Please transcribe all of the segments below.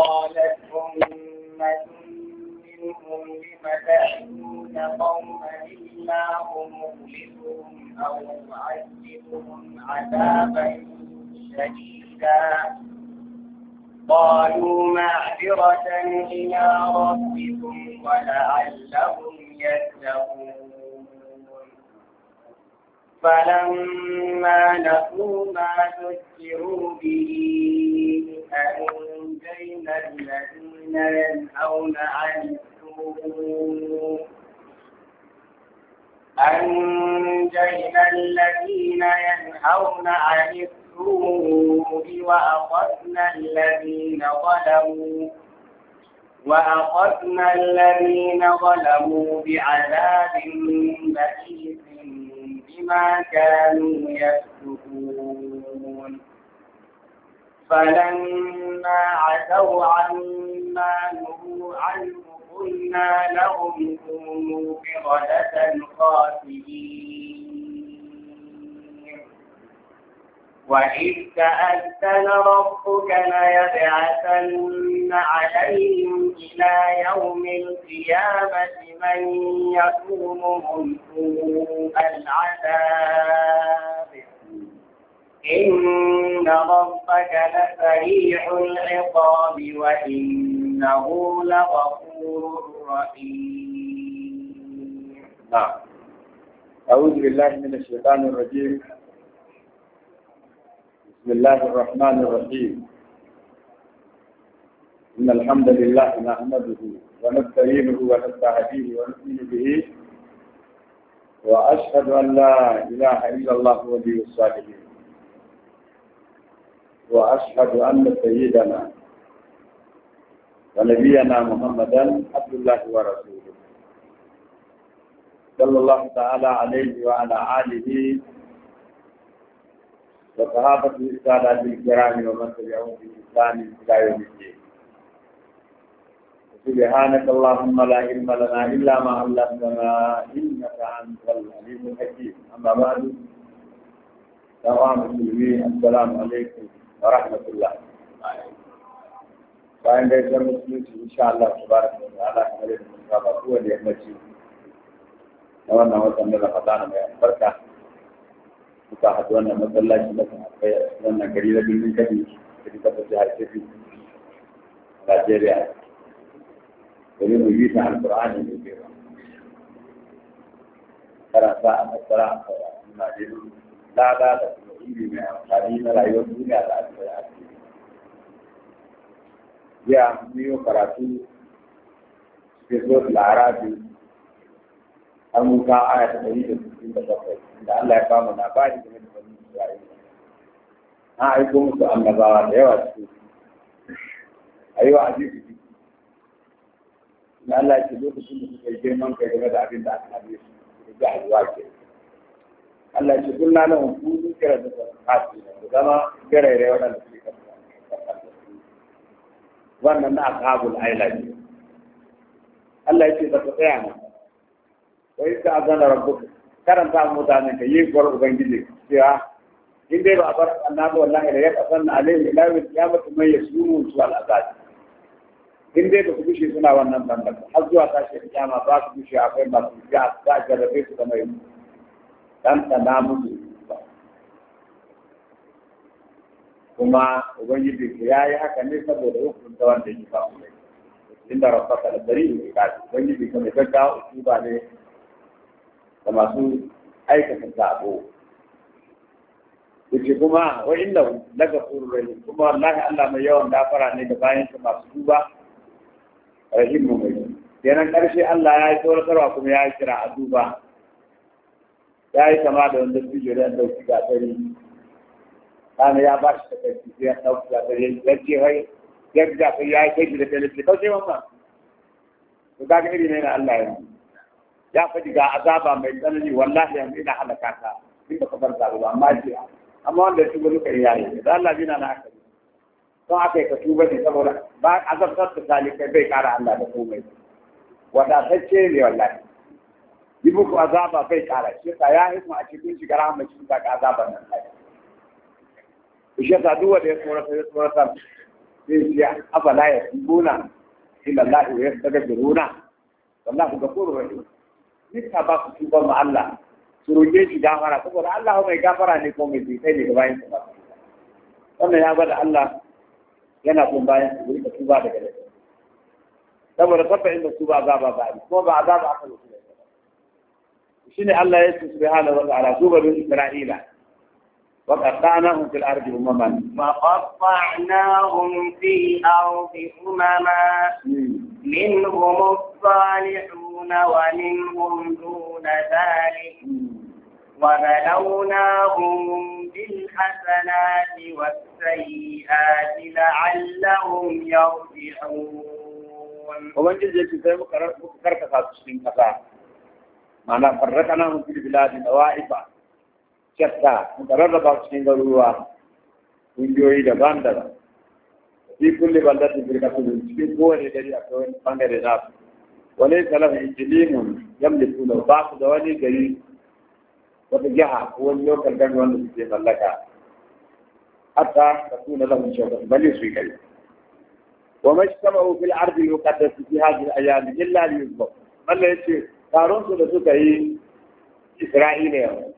قالت أمة منهم لم تعلمون قوما إلا هم مخلصون أو معذبهم عذابا شديدا قالوا معذرة إلى ربكم ولعلهم يتقون فلما نسوا ما ذكروا به أن الذين ينهون عن أنجينا الذين ينهون عن السوء وأخذنا الذين ظلموا وأخذنا الذين ظلموا بعذاب بئيس بما كانوا يفسقون فلما عتوا عما نهوا عنه قلنا لهم كونوا قردة خاسئين وإذ تأذن ربك ليبعثن عليهم إلى يوم القيامة من يكونهم سوء العذاب إن ربك لسريع العقاب وإنه لغفور رحيم نعم أعوذ بالله من الشيطان الرجيم بسم الله الرحمن الرحيم إن الحمد لله نحمده ونستعينه ونستهديه ونؤمن به وأشهد أن لا إله إلا الله ولي الصالحين وأشهد أن سيدنا ونبينا محمدا عبد الله ورسوله صلى الله تعالى عليه وعلى آله وصحابة السادة الكرام ومن تبعهم الاسلام إلى يوم الدين سبحانك اللهم لا علم لنا إلا ما علمتنا إنك أنت العليم الحكيم أما بعد السلام عليكم ورحمة الله فإن ذلك المسلمين إن شاء الله تبارك وتعالى حمد المصابة هو اللي أمتي نوانا وزن من الخطانة يا بركة وكاحتوانا مثل الله جمسا وانا كريدة بالمن كبير كريدة بسيحة كبير راجيريا ولم يجيسا عن القرآن يجيسا ترى ساعة ترى ساعة ترى ساعة ترى ساعة ترى ساعة ترى ساعة ترى ساعة ترى ساعة ترى ساعة ترى ساعة ترى lada da kuma ilimi mai amfani na rayuwar duniya da ake da ake ya miyo karatu ke zo larabi an muka aya ta ɗari da sittin da bakwai da Allah ya kama na ba ni da wani Isra'ila na aiko musu annabawa da yawa cikin a yi wa ajiyu su na Allah ya ce lokacin da suka yi girman kai game da abin da aka nabe su da ga alwa ke Allah ya ce kira lahu kunu qira'atan fasiqatan zama garere waɗanda suke karɓa wannan na ashabul aila ne Allah ya ce ba ta tsaya ne. Wai in ta azana rabbuka karanta mutane ka yi gwar ubangiji cewa in dai ba a bar annabi wallahi da ya kasanna alaihi ila yawm qiyamati man yasuru su al in dai ba ku bushe suna wannan bambanta har zuwa tashi kiyama ba su bushe akwai masu ya ta jarrabe su kamar yau ta ɗanɗana musu ba kuma ubangiji ku ya yi haka ne saboda hukunta wanda yi ba mu inda rabbaka da bari ne ka ubangiji ka mai gaggawa usuba ne da masu aikata zaɓo, yace kuma wa inna daga rahim kuma wallahi Allah mai yawan gafara ne da bayan sa masu duba rahimu mai kenan karshe Allah ya yi tsoratarwa kuma ya yi kira a duba ya yi kama da wanda bidiyo da ɗauki gasari kana ya ba shi takarci sai ya ɗauki gasari ya ce wai ya ji gasari ya yi kai da talibci kauce mamma to ka ga iri ne na Allah yanzu ya faɗi ga azaba mai tsanani wallahi yanzu ina halaka ta in ba ka bar zaɓi ba amma ce amma wanda ya tuba duka iyaye da Allah bina na aka yi don aka yi ka tuba ne saboda ba azabtar da talibai bai kara Allah da komai wadatacce ne wallahi yi muku azaba bai kara shi yasa ya himu a cikin shiga rahama shi ta ka azaban nan kai shi yasa duk da ya tsorata ya tsorata sai ya afala ya tubuna ila Allah ya tagfiruna wallahu ghafurur rahim nika ba ku tuba ma Allah su roƙe shi gafara saboda Allah mai gafara ne ko mai jikai ne bayan su ba wannan ya gwada Allah yana kun bayan su rika tuba daga lafiya saboda tabba inda su ba azaba ba kuma ba azaba aka rufe شنو الله سبحانه وتعالى سوى بني اسرائيل وقطعناهم في الارض امما وقطعناهم في الارض امما منهم الصالحون ومنهم دون ذلك وبلوناهم بالحسنات والسيئات لعلهم يرجعون ومن جزء الكتاب قرر قرر قصاص الشيخ ma'ana farrakana mun fil biladi nawaifa shatta mun rarraba cikin garuruwa kungiyoyi daban-daban fi kulli baldatin firqatun cikin kowane gari akwai wani bangare na su wani salafa ijlimun yamlikuna ba su da wani gari wata jiha ko wani lokal gani wanda suke mallaka hatta ta tuna mun shawkan bali su yi gari وما اجتمعوا في الأرض المقدسة في هذه الأيام إلا ليذبحوا. الله يقول taron su da suka yi Isra'ila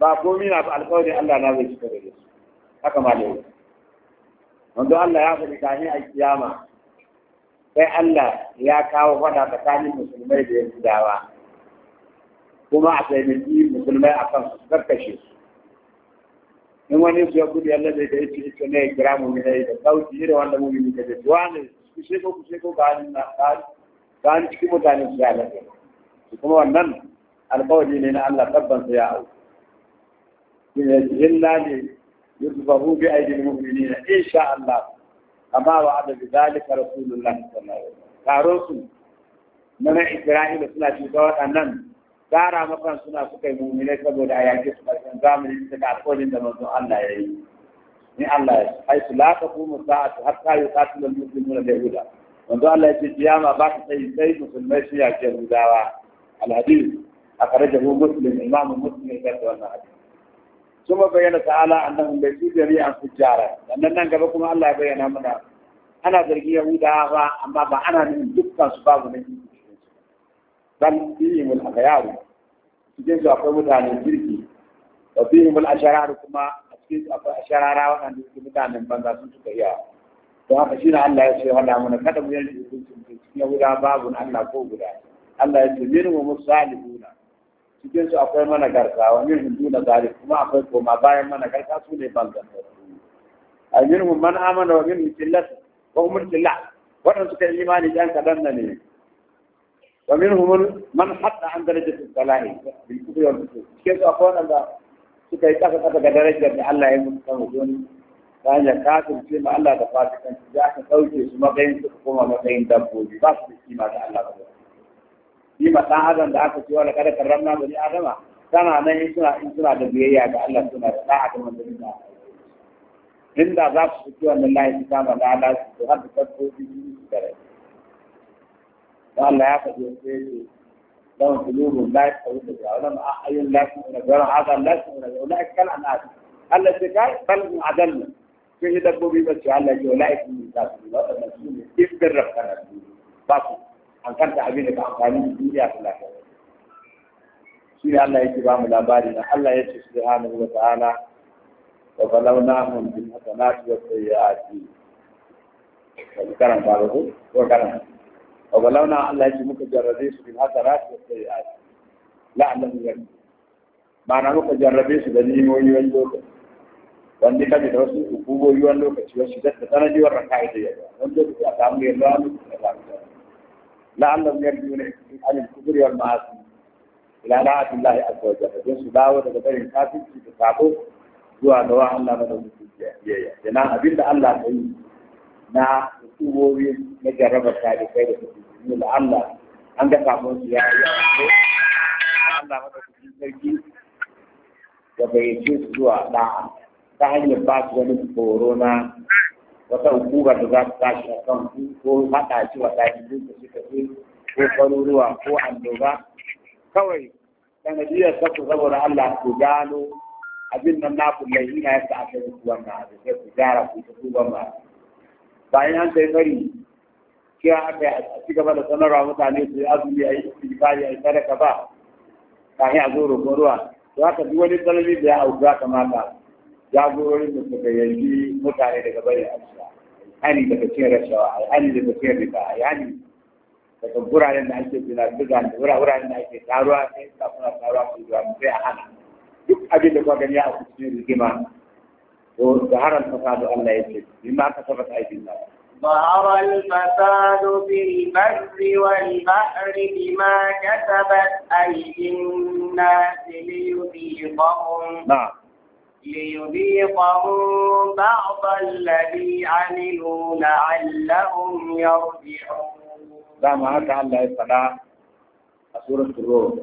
ba komi na alƙawarin Allah na zai cika da su haka ma dai wanda Allah ya faɗi kafin a kiyama sai Allah ya kawo fada tsakanin musulmai da Yahudawa kuma a taimaki musulmai a kan su karkashe su in wani su ya gudu yalla zai kai ci ita ne kira mu ne da sauti irin wanda mu ne ka ji wani ku sheko ku sheko ba ni na ba ni cikin mutane su ya lafiya kuma wannan alƙawari ne na Allah tabban sa ya au illa ne yusbahu bi aidil mu'minina insha Allah amma wa ada bi zalika rasulullah sallallahu alaihi wasallam taron su na na Isra'ila suna da waɗannan tsara makan suna suka yi mu'minai saboda a yaƙi su ƙarshen zamani suka alƙawarin da manzon Allah ya yi ni Allah ya haisu la taqumu sa'atu hatta yuqatilu al-muslimuna da yahuda manzo Allah ya ce kiyama ba ta sai sai musulmai su yaƙi Yahudawa الحديث أخرجه مسلم إمام مسلم ذات والحديث ثم بين تعالى أنهم ليسوا جميعا فجارا لأننا قبلكم الله بين أمنا أنا ذرقي يهودا أما أنا من دكا سباب من بل فيهم الأخيار cikin su akwai mutanen kirki wa fihim al-asharar kuma a cikin su akwai asharara waɗanda suke mutanen banza sun suka iya don haka shi na Allah ya ce wala kada mu yanke hukuncin cikin guda babu Allah ko guda Allah ya ce minhum musalihuna cikin su akwai mana garka wa minhum duna zalik kuma akwai koma bayan mana garka su ne banza a minhum man amana wa minhum tillas wa hum tillah wannan suka yi imani dan kadan ne wa minhum man hatta an darajatu salahi bil kufri wal kufri cikin su akwai wanda suka yi kasa kasa ga darajar da Allah ya musu kan wajen ta hanyar kafirce ma Allah da fasikanci za ka ɗauke su matsayin su koma matsayin dabbobi ba su da kima da Allah ba yi ma ɗan adam da aka ce wala kada karramna bani adama tana nan in suna in suna da biyayya ga Allah suna da ɗan adam da za su wannan su kama da Allah su da dabbobi su da Allah ya faɗi sai ayyun Allah kai bal mu ba Allah ya wala ne ba su an kanta abin da ka amfani da duniya ta lafiya shi ne Allah yake ba mu labari na Allah ya ce subhanahu wa ta'ala wa balawnahum bil hasanati was sayyiati wa karanta ba ko ko karanta wa balawna Allah ya ce muka jarrabe su bil hasanati was sayyiati la'allahu yarji ma'ana muka jarrabe su da nimoyi wani lokaci wanda kaji da wasu hukumoyi wani lokaci wasu da tsanani wannan ka'ida ya wani lokaci samu yarda wani lokaci samu la'allahum yarjuna an al-kufr wal ma'asi ila la'ati Allah azza wa jalla don su dawo daga barin kafirci da sabo zuwa ga wa Allah madaukakin biyayya kenan abinda Allah ta yi na hukumomi na jarrabar tarihi da kuma la'alla an ga samun su ya yi Allah madaukakin sarki da bai ce zuwa da'a ta hanyar ba su wani tsoro na wata hukumar da za ta tashi a kan ku ko haɗa shi wa ɗalibin da suka ce ko faruruwa ko annoba kawai sanadiyar ta ku saboda Allah ku gano abin nan na ku mai ina yasa aka yi ku wannan abu sai ku gyara ku ta tuban ba bayan an kai fari kira aka yi a ci gaba da sanarwa mutane su yi azumi a yi istighfari a yi sadaka ba kafin a zo roƙon ruwa to haka duk wani tsanani da ya auku ya kamata jagororin da suka yanki mutane daga bayan amsa hani daga cin rashawa hani daga cin riba hani daga wuraren da ake zina zuga da wuraren da ake taruwa sai ka kuna taruwa su zuwa sai a hana duk abin da kuka gani a cikin rigima to da haram fasadu Allah ya ce bi ma ka saba aikin nan ظهر الفساد في البر والبحر بما كسبت أيدي الناس ليذيقهم نعم ليذيقهم بعض الذي عملوا لعلهم يرجعون ما معك على الصلاة سورة الروم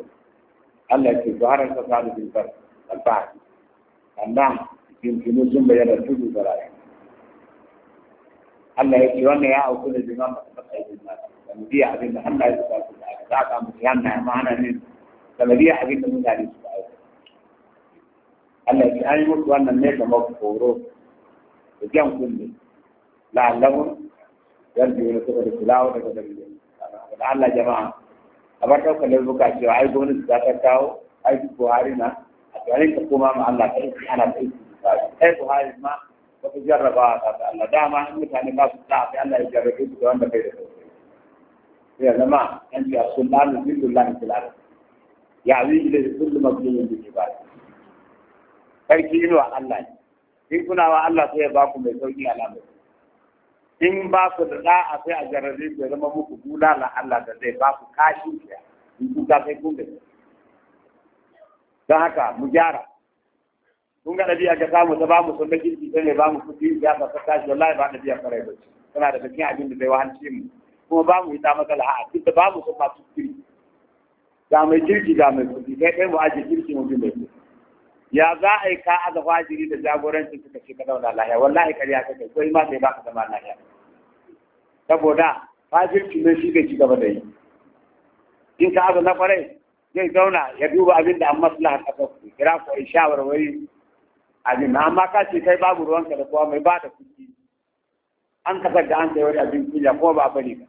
الله في ظهر الفساد في الفرد الفاعل النعم يمكن ان يكون الله يكون هناك من يكون هناك من يكون هناك من يكون هناك من يكون هناك من يكون هناك من يكون هناك Allah ya an yi musu wannan ne kamar koro da jan kunne la'allamun yan biyu na saboda kulawa daga dalilin da Allah jama'a a bar ɗaukar laifuka cewa ai gwamnati za ta kawo ai Buhari na a tsarin ka koma ma Allah ta yi ana ta yi ai Buhari ma wata jarrabawa ta ta Allah dama in mutane ba su ta sai Allah ya jarrabe su da wanda da ya zama an ce a sunan fil ya wi ila kullu bi sarki inuwa Allah ne in kuna wa Allah sai ya baku mai sauki alamar in ba ku da da'a sai a jarrabe ku zama muku na Allah da zai ba ku kashi ya in ku ta sai kun da don haka mu gyara kun ga ɗabi'a ka samu ta ba mu sun da kirki sai ne ba mu kuɗi ya ka ta tashi wallahi ba ɗabi'a kare ba ce tana da cikin abin da zai wahalce mu kuma ba mu ita matsala a duk da ba mu sun su kiri ga mai kirki ga mai kuɗi sai kai mu aje kirki mu bi mai kuɗi ya za a yi ka aza fajiri da jagoranci suka ce ka zauna lahiya wallahi ƙarya kai ko ma sai baka zama lahiya saboda fajirci ne shi ke ci gaba da yi in ka abu na kwarai zai zauna ya duba abin da an maslahar ƙasar ku kira ku ai shawarwari abin amma ka ce kai babu ruwanka da kowa mai ba da kuɗi an kasar da an sai wani abin kuya ko ba a bari ba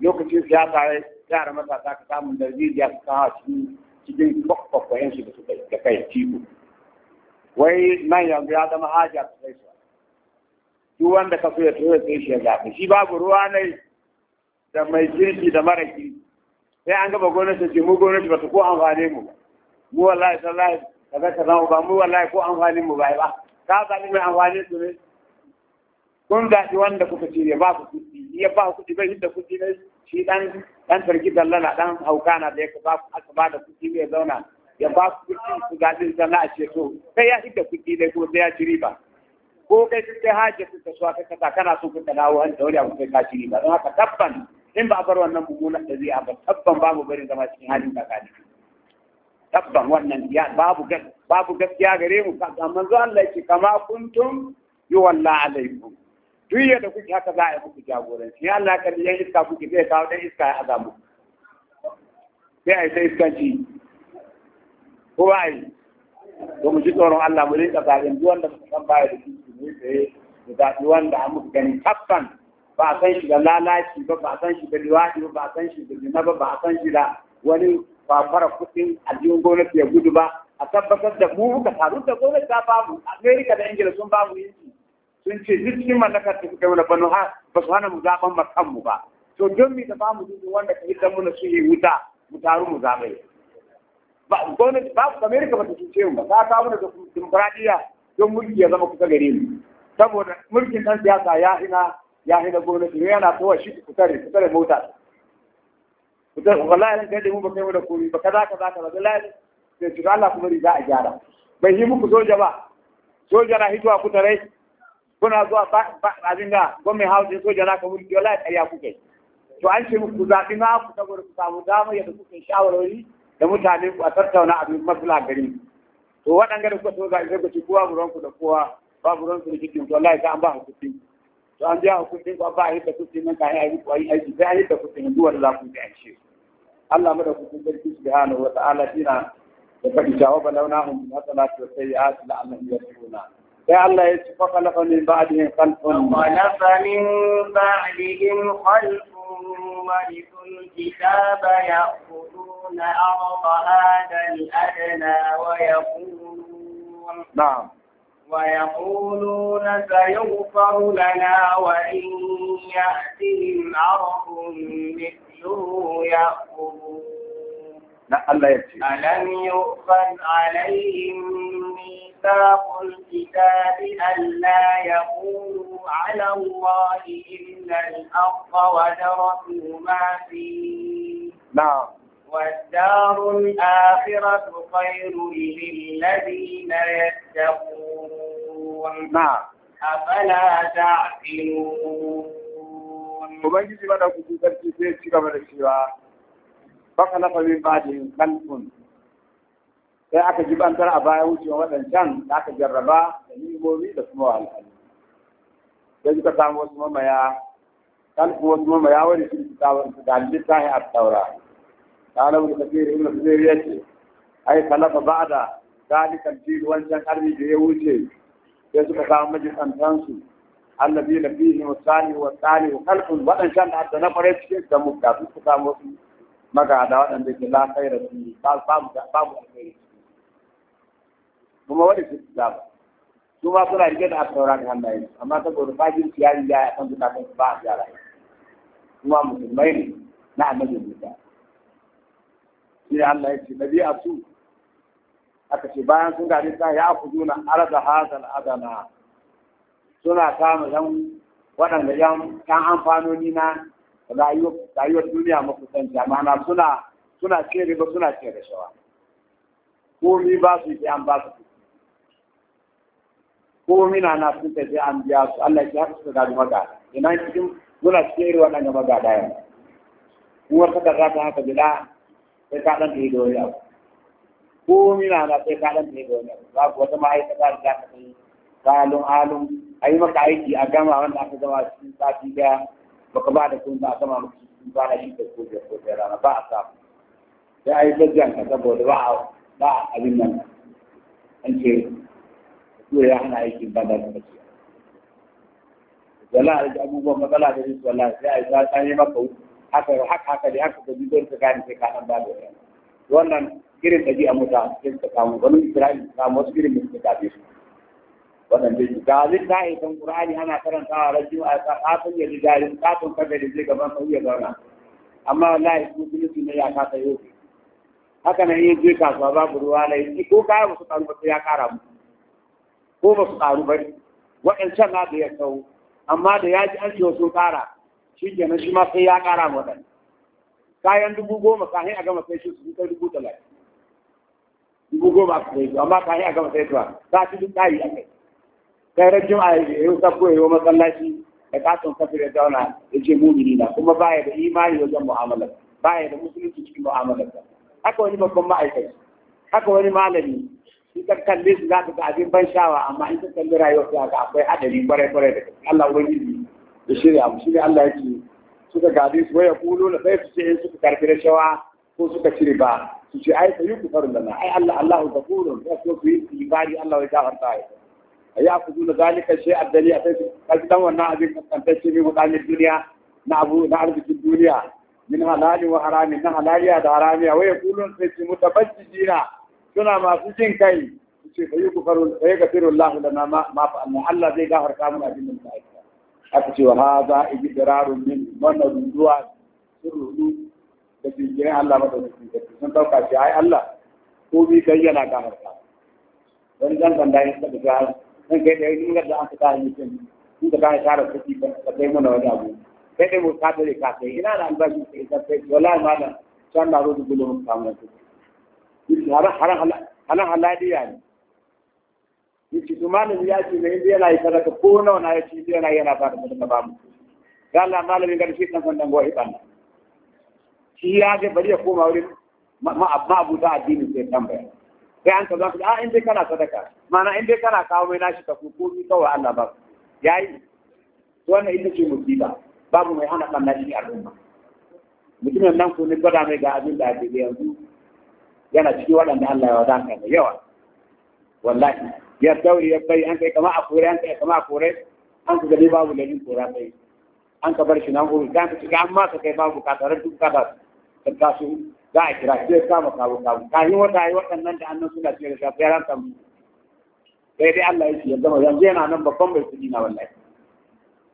lokacin siyasa yara matasa ka samun da zai ya su kawo cikin cikin kwakwakwakwayen su da kai ciko wai nan yanzu ya zama haja ta sai su duk wanda ka so ya tura sai shi ya zaɓi shi babu ruwa ne da mai kirki da mara kirki sai an gaba gwamnati ce mu gwamnati ba ta ko amfani mu mu wallahi sallahi kaza kaza ba mu wallahi ko amfani mu ba ba ka ni mai amfani su ne kun shi wanda kuka ce ne ba ku kuɗi ya ba ku kuɗi bai hidda kuɗi ne shi ɗan ɗan tarki dallala ɗan hauka na da ya ba ku aka ba da kuɗi ya zauna ya ba su kuɗi su gajin zana a ceto sai ya hidda kuɗi ne ko sai ya ci riba ko kai sun kai hajji su suwa ta kasa kana so kuka dawo hanta, wani abu kai ka ci riba don haka tabban in ba a bar wannan mummunan da zai a ba tabban ba mu barin zama cikin halin kakani tabban wannan ya babu babu gaskiya gare mu ga manzo Allah yake kama kuntum a alaikum duk yadda kuke haka za a yi muku jagoranci ya Allah ka yan iska kuke zai kawo dan iska ya azamu sai a yi ta iskanci ko ba yi to mu ji tsoron Allah mu rinka zaɓen duk wanda muka san baya da kirki mu tsaye mu zaɓi wanda an muka gani tabbas ba a san shi da lalaci ba ba a san shi da liwaɗi ba ba a san shi da zina ba ba a san shi da wani fafara kuɗin aljihun gwamnati ya gudu ba a tabbatar da mu muka taru da gwamnati ta bamu Amerika da Ingila sun bamu yanci sun ce duk cikin mallakar da suka kai wani ba su hana mu zaɓen mu ba to don mi da bamu duk wanda ka yi muna su yi wuta mu taru mu zaɓe ba gwamnati ba amerika ba ta cuce mu ba ta kawo da dimokuraɗiyya don mulki ya zama kusa gare mu saboda mulkin ɗan siyasa ya hina ya hina gwamnati ne yana kowa shi kusa da kusa da mota kusa wallahi ran kai mu ba kai mu da komai ba kaza kaza kaza wallahi sai shiga Allah kuma riga a gyara bai yi muku soja ba soja na hitowa ku tare kuna zuwa abin da gwamnati hausa soja na ka mulki wallahi ya kuke to an ce muku zaɓi na ku saboda ku samu dama yadda kuke shawarwari da mutane ku a tattauna abin masala gari to waɗanda da kuka so ga isa ku ci kowa buron ku da kowa ba buron ku da cikin to Allah ya an ba hukumi to an biya hukumi ko ba yi da kuɗi nan ka yi aiki aiki sai an yi da kuɗi duk wanda za ku ji an ce Allah mada kuɗin sarki subhanahu wa ta'ala dina da faɗi cewa balawnahum bi hasanati wa sayyi'ati la'annahum yasiruna فعلا فخلف من بعدهم خلف خلف من بعدهم خلف ورثوا الكتاب يأخذون أرض هذا الأدنى ويقولون نعم ويقولون سيغفر لنا وإن يأتهم عرض مثله يأخذون na Allah ya ce. Alam yi ban alayhim ni ta kulki ta bi Allah ya kuru ala Allahi illa al'afa wa darasu ma fi. Na. والدار الآخرة خير للذين يتقون نعم أفلا تعقلون وما فخلف من بعدهم خلف sai aka jibantar a baya wucewa waɗancan da aka jarraba da nimomi da kuma wahalhalu sai suka samu wasu mamaya kalfu wasu mamaya wani sun da wani su ga littafi a taura kana wani kafir ibn kafir ya ce ai kalafa ba'da dalikan fili wancan arni da ya wuce sai suka samu majisantansu allazi na fihi ne wa tsani wa kalfun waɗancan da na fara cikin da mukta su suka samu wasu magada waɗanda ke la khaira fi babu babu alkhairi kuma wani su ba su ma suna rike da asaura da hannaye amma saboda fajin ciyayi ya yi kan zukatan ba a gyara kuma musulmai ne na annabi Musa shi Allah ya ce nabi a su aka ce bayan sun gane ta ya ku zuna arda hadal adana suna kama yan waɗanda yan amfanoni na rayuwar duniya makusanci amma suna suna ce riba suna ce shawa. komi ba su yi an ba su komi na na sun tafi an biya su Allah ya haka su gadi magada ina cikin muna cikin irin waɗanda magada yau kuma ta kaza ta haka bila sai ka ɗan tafi da wani abu komi na na sai ka ɗan tafi da wani abu babu wata ma'aikata da za ka kai kalun alun a yi maka aiki a gama wanda aka gama cikin sati daya baka ba da kun ba a sama maka sun ba da shi ko kuje ko da rana ba a samu sai a yi gaggan ka saboda ba a ba a abin nan an ce tura ya hana aikin ba da kuma ce wallahi da abubuwan matsala da su wallahi sai a yi za yi maka haka haka haka da haka da bidon ka gane sai ka nan ba da wannan irin a mutane sai ta samu wani ta samu wasu irin da suka tafi su wannan dai ga littafi kan Qur'ani ana karantawa rajin a kafin ya riga yin kafin kada da zai gaban sauya zauna amma wallahi su musulunci na ya kasa yau haka nan yin je kasuwa babu ruwa na yi ko kaya ba su karu ba ya kara mu ko ba su karu ba waɗancan na da ya sau amma da ya ji an ce sun kara shi kenan shi ma sai ya kara mu waɗanda kayan dubu goma kahin a gama sai shi su kai dubu talatin dubu goma a kai amma kahin a gama sai tuwa ta ci duk ɗari a kai gairar jima'a ya yi sabgo ya yi masallaci da katon kafir ya zauna ya ce mumini na kuma baya da imani wajen mu'amalar baya da musulunci cikin mu'amalar haka wani babban ma'aikaci haka wani malami in ka kalle su za ka ga abin ban sha'awa amma in ka kalli rayuwar su haka akwai hadari kwarai kwarai da Allah ubangiji ya shirya mu shirya Allah ya ce suka gadi su waya kulo na sai su ce in suka karfi rashawa ko suka cire ba su ce ai sayu ku farin lana ai Allah Allahu ya so su yi ibadi Allah ya gafarta ya ya ku zuna zalika shi addali a sai kaji dan wannan abin kaskantacce ne mutanen duniya na abu na arzikin duniya min halali wa harami na halali da wa ya kulun sai su mutabajjina suna masu jin kai su ce fa sai fa yakfiru Allah lana ma ma fa Allah zai gafarta mana abin da aka aka ce wa hadha idrarun min wannan ruwa surru da jinjirin Allah madaukakin sarki sun dauka shi ai Allah ko bi kai yana gafarta wani dan kan da ya saka in kai da yin da an fita yi da tara kuɗi ka kai mana wani abu sai dai mu ka ina da albashi sai wallahi san da gulo mun samu har har har malam ya ce ne inda yana yi sadaka ko na yana yana ba da ba mu ya Allah malamin garshi ban shi ya ga bari ya koma wurin ma abu ta addini sai tambaya sai an ka za ku a ah, in dai kana sadaka mana in dai kana kawo mai nashi ka ko ni kawai Allah ba yayi wannan ita ce musiba babu mai hana kan nashi al'umma mutumin nan ko ne gwada mai ga abin da ake yanzu yana cikin waɗanda Allah ya wadanta da yawa wallahi ya tauri ya bai an kai kama a kore an kai kama a kore an ku gani babu lalin kora sai an ka bar shi nan ko ka ka ci amma ka kai babu ka tarar duk ka ba ka kasu za a kira sai kama kawo kawo kayi wata yi waɗannan da annan suna cire da ya ranta mu sai dai Allah ya ce ya gama yanzu yana nan babban bai kudi na wallahi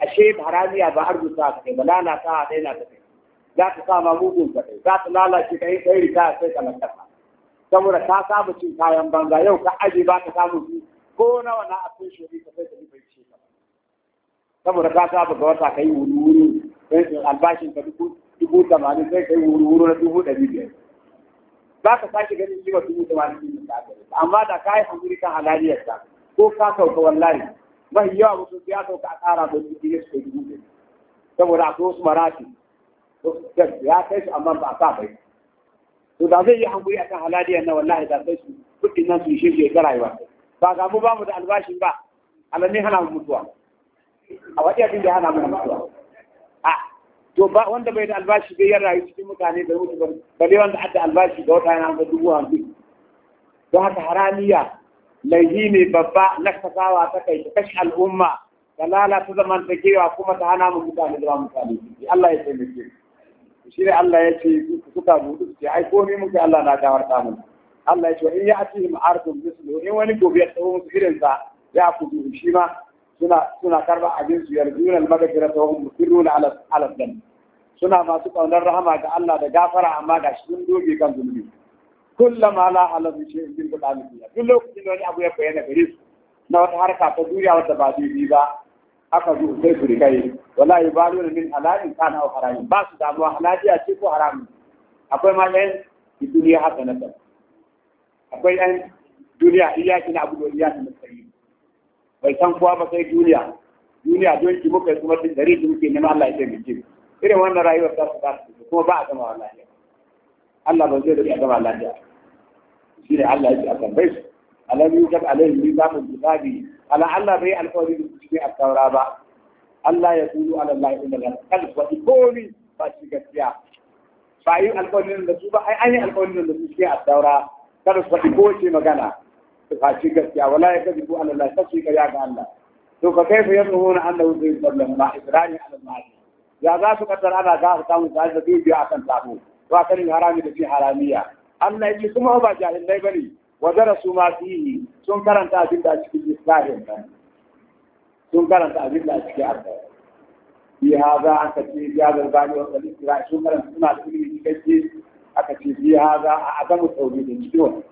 ashe haramiya ba rubuta a kai ba lalata a daina ta kai za ta sa ma mugun ka kai za ta lalace ka yi kai rika sai ka lantarka saboda ka saba cin kayan banza yau ka aje ba ka samu su ko nawa na a akwai shori ka sai ka yi bai ce ka saboda ka saba ga wata ka yi wuri wuri albashin ka duk dubu tamanin zai kai wuri-wuri na dubu ɗari biyar za ka sake ganin jima dubu tamanin ɗin da ta amma da ka yi hankali kan halaliyarsa ko ka sauka wallahi mafi yawa mutum ya sauka a ƙara da su ɗin su dubu ɗari saboda akwai wasu marati ya kai su amma ba a sa bai to da zai yi hankali akan halaliyar na wallahi da sai su kuɗin nan su shirya ga rayuwa ba ga mu ba mu da albashin ba alamin hana mu mutuwa a waɗiyar wajen da hana mu mutuwa to ba wanda bai da albashi bai yan yi cikin mutane da wuce bale wanda hada albashi da wata yana da dubu hamsin to haka haramiya laihi ne babba na kasawa ta kai ta kashe al'umma da lalata kewa kuma ta hana mu mutane da ba mutane Allah ya taimake shi ne Allah ya ce suka buɗu su ce ai komai muke Allah na ta mu Allah ya ce in ya atihim ardun mislu in wani gobe ya tsawo musu irin sa ya kudu shi ma suna suna karba abin su yarjuna al wa hum ala ala dhanb suna masu kaunar rahama ga Allah da gafara amma ga shi sun doge kan zunubi kullama la ala shay'in bil qadami duk lokacin da wani abu ya bayyana gare su na wata harka ta duniya wadda ba daidai ba aka zo sai su rikai min halalin kana haramin ba su damuwa halaliya ce ko akwai ma yan duniya hasanatan akwai yan duniya bai san kowa ba sai duniya duniya don ki muka kuma duk gari da ke neman Allah ya ce mu irin wannan rayuwar ta su ba su kuma ba a gama wa lafiya Allah ba zai da gama lafiya shi ne Allah ya ce a tambaye su alam ni ba mun kitabi ala Allah bai alƙawari da cikin a taura ba Allah ya kulu ala Allah inda ga qalb wa ikoni ba shi gaskiya ba yi alƙawarin da su ba ai an yi alƙawarin da su cikin a taura kada su faɗi ko ce magana fashi gaskiya wala ya kaji ko Allah ta shi kariya ga Allah to fa kaifa yadhununa annahu zai sallam ma idrani ala al-ma'asi ya za su kaddara ana ga su samu ta da biyu a akan tabu to akan harami da fi haramiya Allah ya yake kuma ba jahilai bane wa darasu ma fihi sun karanta abin da cikin islahin nan sun karanta abin da cikin arba haza في هذا أنت في هذا الباب والإسراء شو مرة سنة في كذي أنت في هذا أعدم التوحيد شلون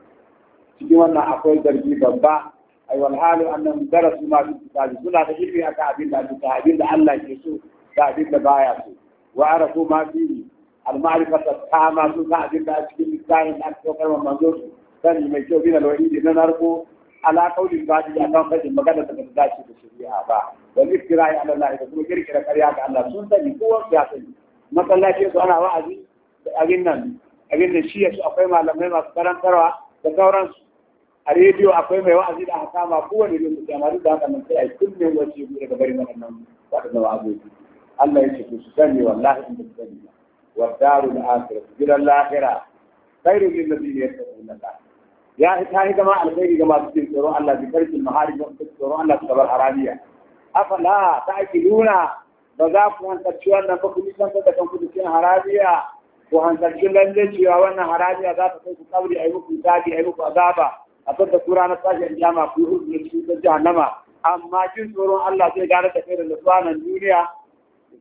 cikin wannan akwai zargi babba ai wal annan, darasu ma fi kitabi suna da ilmi akan abin da duka abin da Allah ke so da abin da baya so wa arafu ma fi al ma'rifata tama su da abin da cikin littafin da aka saukar wa manzo su sani mai kyau bin alwa'idi na narko ala qaulin badi akan fadin magana da ta dace da shari'a ba wa zikrai ya Allah da kuma kirkira ƙarya ga Allah sun sani kowa ya sani masallaci su ana wa'azi da abin nan abin da shi ya su akwai malamai masu karantarwa da sauransu a rediyo akwai mai wa'azi da aka kama kowane lokaci amma duk da haka nan sai a kullum wace daga bari nan barin waɗannan waɗannan wa'azoji Allah ya ce ku su sani wallahi in ku sani ba wa darul akhirah gidan lahira khairul lil ladina yattaquna Allah ya ta yi zama alkhairi ga masu cin tsoron Allah bi karfin mahari da tsoron Allah ta bar haramiya afala ta ake nuna ba za ku hantarci wannan ba ku nisan da kanku da cin haramiya ku hantarci lalle cewa wannan haramiya za ta kai ku kabri a yi muku tabi a muku azaba أبدا قرآن الساجة الجامعة في أرض من سورة جهنمة أما جن سورة الله جل تفير اللسوان الدنيا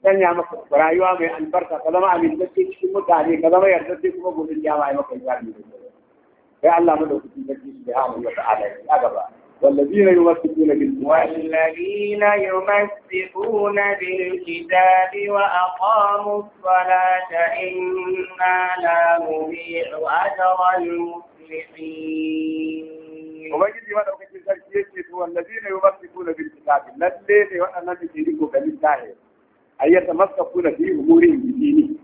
سنيا مصر برايوة من البركة قدما أمين بسي كشم تاني قدما يرزدي كما قول الجامعة مكي جارمي يا الله ملوك في مجلس سبحانه وتعالى أقبا والذين يمسكون والذين يمسكون بالكتاب وأقاموا الصلاة إنا لا نضيع أجر المصلحين ubangiji ma daukakin sarki yake to wallazina yumassikuna bil kitabi lalle ne waɗannan da ke riko ga littafi ayyata masakuna fi umuri bidini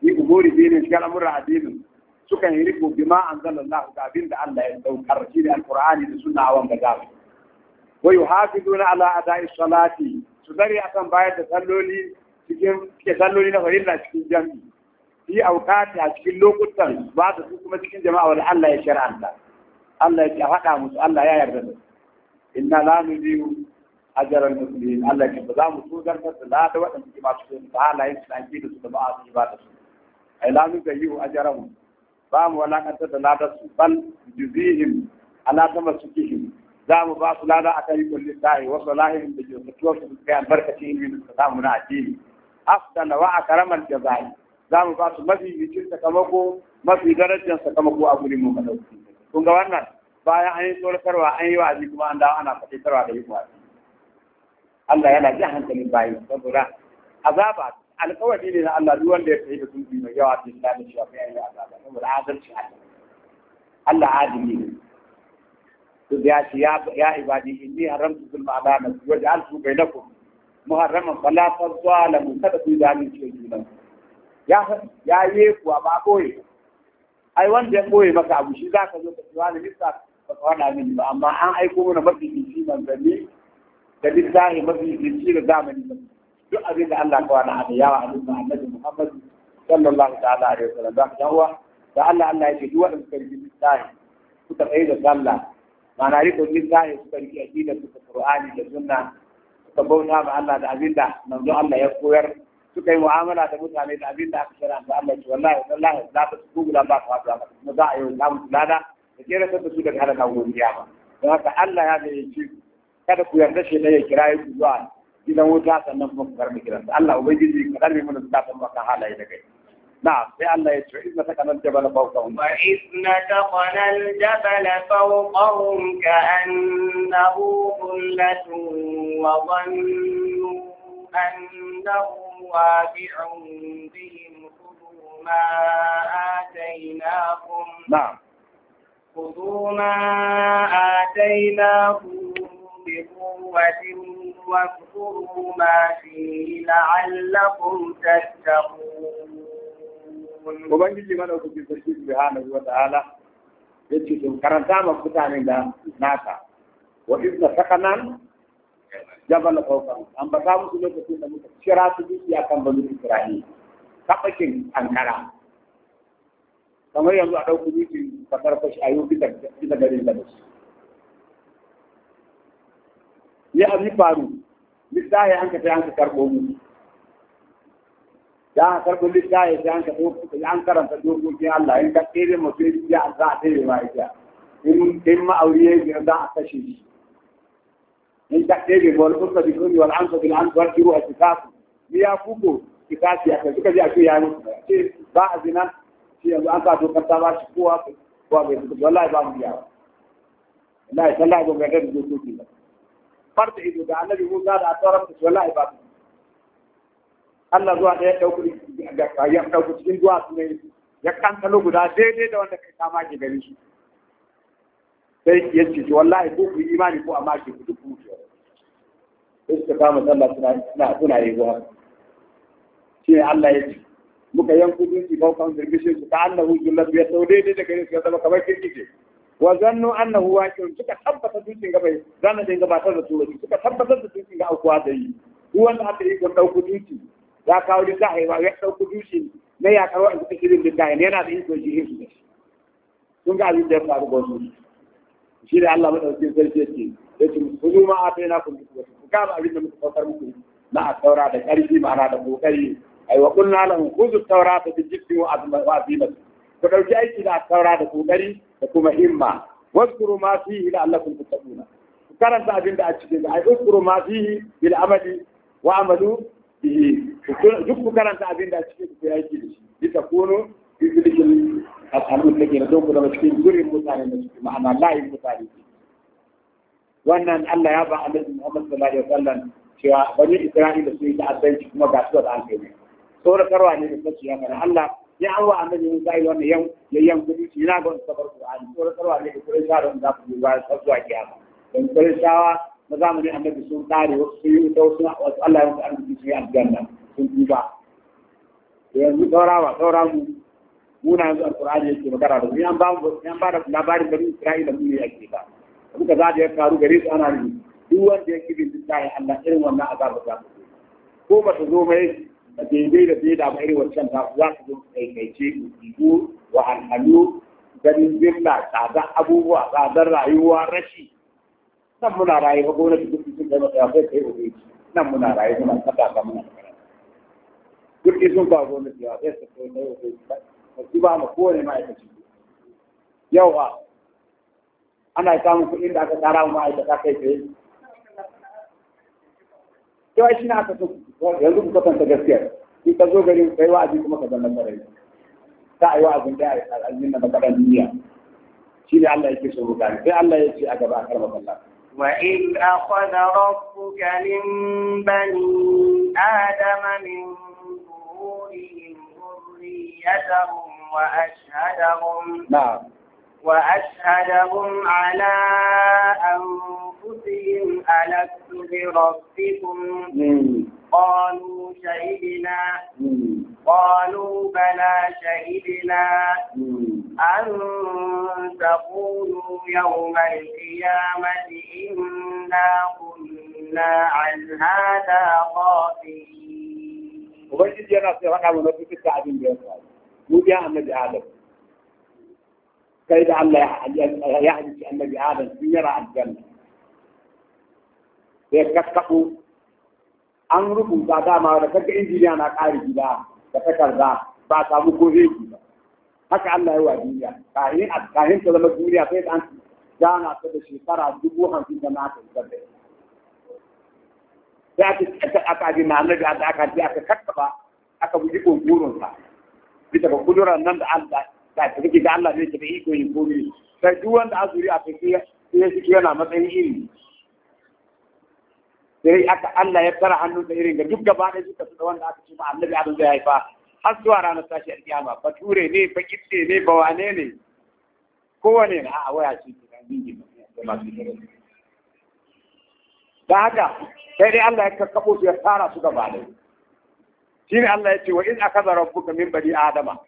fi umuri dinin cikin al'amuran addinin sukan yi riko bima anzalallahu ga abin da Allah ya daukar shi da alqur'ani da sunna wan gaza wa yuhafizuna ala ada'i salati su dare akan bayar da salloli cikin ke salloli na farilla cikin jami'i fi auqati a cikin lokutan ba su kuma cikin jama'a wal Allah ya shar'anta Allah ya haɗa musu Allah ya yarda da inna la nudiyu ajral muslimin Allah ya ba za mu tozar da la da waɗanda ke masu yin halayen su an da su da ba su ba da su ai la nudiyu ajrahu ba mu ta da da su bal juzihim ala kishin. za mu ba su lada akan yi kulli sahi wa salahihim da jirgatuwar su kai albarkacin yin da samu na addini afdal wa akramal jazai za mu ba su mafi yicin sakamako mafi darajar sakamako a gurin mu madauki kun ga wannan bayan an yi tsoratarwa an yi wa'azi kuma an dawo ana fatitarwa da yin wa'azi Allah yana ji hankalin bayi saboda azaba alkawari ne na Allah duk wanda ya tafi da zumbi mai yawa cikin da shi akwai yi azaba saboda adalci Allah Allah adili ne to ya ce ya ya ibadi inni haramtu zulma ala nafsi wa ja'altu bainakum muharraman fala tazalamu kada ku zalunci junan ya ya yi kuwa ba koyi ai wanda ya koye maka abu shi za ka zo ka ci da lissa ba ka wada mini ba amma an aiko mana mafi fifi manzanni da lissahi mafi fifi da zamani ba duk abin da Allah ka wada a yawa a dukkan annabi Muhammad sallallahu ta'ala alaihi wasallam za ka yawa da Allah Allah ya ce duk wanda suka riki lissahi suka tsaye da sallah ma'ana riko lissahi suka riki aqida suka Qur'ani da sunna suka bauta ma Allah da abin da manzo Allah ya koyar suka yi mu'amala da mutane da abin da aka kira da Allah ce wallahi wallahi za ta su guda ba ta hadu kuma za a yi samun lada da kera ta su daga halaka gobe kiyama don haka Allah ya da yake kada ku yarda shi ya kira ya ku zuwa gidan wuta sannan kuma ku karbi kiran Allah ubangiji ka darbe mana da ta maka halaye da kai نعم لأن إذ نتقن الجبل فوقهم وإذ نتقن الجبل فوقهم كأنه wa وظنوا أنه واقع بهم خذوا ما آتيناكم نعم خذوا ما آتيناكم بقوة واذكروا ما فيه لعلكم تتقون Ubangiji madaukakin sarki subhanahu wa ta'ala yace to karanta ma mutanen da nasa wa idza sakanan jabal kaukan ambata musu lokacin da muka kira su dukiya kan banu isra'ila yang ankara kamar yanzu a ɗauki dukin kasar fashi a yau bisa garin da su ya abi faru Ya an ka ta an ka karɓo mu da an karɓo littaye sai an ka an karanta dia Allah in ka tsere mutum ya za a tsere ma ita in shi من تحت يجب والأنثى بالأم والعنف بالعنف والجروح الكتاب ليفوقوا kikasi ya katika ya ya ni baadhi na sio anga tukatawa chukua hapo kwa vitu wallahi baadhi yao la sala go ngata ni kitu kile farti hizo da annabi Musa da atarab wallahi baadhi Allah zuwa da ya dauko ga ya dauko cikin zuwa ne ya kankalo guda daidai da wanda kai kama ki gari shi sai ya ce wallahi ko ku imani ko amma ki ku duk sai suka kama sallah suna suna yi shi ne Allah ya ce muka yanku dunki baukan zirgishin su ta annahu jullar biya sau daidai da gare suka zama kamar ce wa zannu annahu waqi'un suka tabbata dunkin gaba zan gaba gabatar da turai suka tabbatar da dunkin ga aukuwa da yi wanda aka yi gon dauku dunki ya kawo yi wa ya dauku dunki ne ya karo a cikin shirin da ne yana da iko shi shi sun ga abin da ya faru gon shi da Allah madaukakin sarki yake yace hujuma atayna kun bi ku kama abin da muka saukar muku na taura da ƙarfi ma'ana da kokari ai wa kunna lahum khudhu tawrata bi jibbi wa azmat ku dauki aiki na taura da kokari da kuma himma واذكروا ما فيه لعلكم تتقون karanta abin da a cikin da ai uskuru ma fihi bil amali wa amalu bihi duk ku karanta abin da a cikin ku yaki da shi bisa kono bi bilikin al'amun take da don ku zama cikin gurin mutane da su ma'ana layin mutane wannan Allah ya ba Annabi Muhammad sallallahu alaihi wasallam cewa bani Isra'ila sun yi ta'addanci kuma ga su da da karwa ne da sace ya fara Allah ya awa Annabi Musa yi wannan yau ya yan gudu shi na ga sabar Qur'ani karwa ne da Quraysh da za da yi ba su zuwa kiyama dan shawa na zamanin Annabi sun tare wasu yi yi wasu Allah ya musu arziki su yi aljanna sun tuba yanzu saurawa saurawa mu muna yanzu alƙur'ani yake magana da mu yan ba mu yan ba da labarin bani Isra'ila mu ne yake ba abu kaza da ya faru gare su ana nufi duk wanda ya kibin lillahi Allah irin wannan azabu za ta ko ba su zo mai daidai da daidai da irin wancan ta za su zo ce musibu wa alhalu ganin birna tsada abubuwa tsadar rayuwa rashi nan muna rayuwa gwamnati duk sun kai masa kai kai obe nan muna rayuwa muna tsada ka muna duk sun ba gwamnati ya sai su kai kai obe ba su ba mu kowane ma'aikaci yawa ana samun kuɗin da aka tsara wa ma'aikata kai tsaye cewa shi na aka so yanzu ku kasance gaskiya. in ka zo garin kai wa'azi kuma ka zama sarai ta a yi wa'azin da a yi na bakaɗan duniya shi ne Allah yake so mutane sai Allah ya ce a gaba a karɓar Allah وإذ أخذ ربك من بني آدم من ظهورهم ذريتهم وأشهدهم نعم وأشهدهم على أنفسهم ألست بربكم قالوا شهدنا قالوا بلى شهدنا أن تقولوا يوم القيامة إنا كنا عن هذا غافلين. وبجد جناس يرقى ونبي في التعدين بيسرائيل. وبيا النبي آدم. kai da Allah ya halici annabi Adam sun yara aljanna sai kakkaɓo an rubuta dama da kaga injiniya na ƙari gida da takarda ba samu ko hegi ba haka Allah ya wa duniya kahin kahin ta zama duniya sai an gana ta da shekara dubu hamsin da na sai aka aka ji na annabi aka ji aka kakkaɓa aka buji kunkurunsa bisa ga kudurar nan da Allah da ta kike da Allah zai tafi iko yin komi sai duk wanda azuri a tafi ya shi yana matsayin iri sai aka Allah ya tara hannun da irin ga duk gaba da suka da wanda aka ce ma annabi Adam zai haifa har zuwa ranar tashi ba Ture ne ba bakitse ne ba wane ne kowane na a waya ce ta gingin masu da haka sai dai Allah ya kakkabo su ya tara su gaba da shi ne Allah ya ce wa in aka akaza rabbuka min bari adama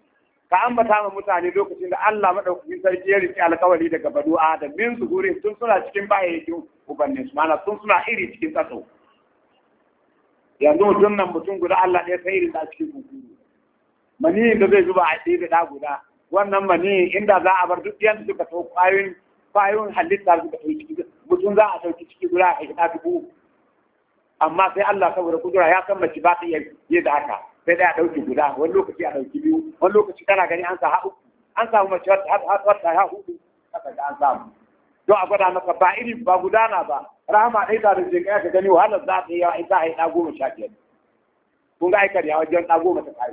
ka ambata ma mutane lokacin da Allah madaukakin sarki ya rike alkawari daga badu Adam min zuhuri tun suna cikin bayyakin ubannin su mana tun suna iri cikin kaso yanzu mutum nan mutum guda Allah ɗaya sai irin da cikin kunkuru maniyin da zai zuba a ɗaya da guda wannan maniyin inda za a bar duk yanzu suka sau kwayoyin kwayoyin halitta suka sau ciki mutum za a sauki ciki guda a kai dubu amma sai Allah saboda kudura ya san mace ba ta iya da haka sai dai a ɗauki guda wani lokaci a ɗauki biyu wani lokaci kana gani an sa uku an samu mace wata hudu haka da an samu don a gwada maka ba iri ba gudana ba rahama ɗaya ta da je kai ka gani wahalar za ta yi yawa in za a yi ɗago goma sha biyar kun ga aikar yawa jan ɗago goma ta kai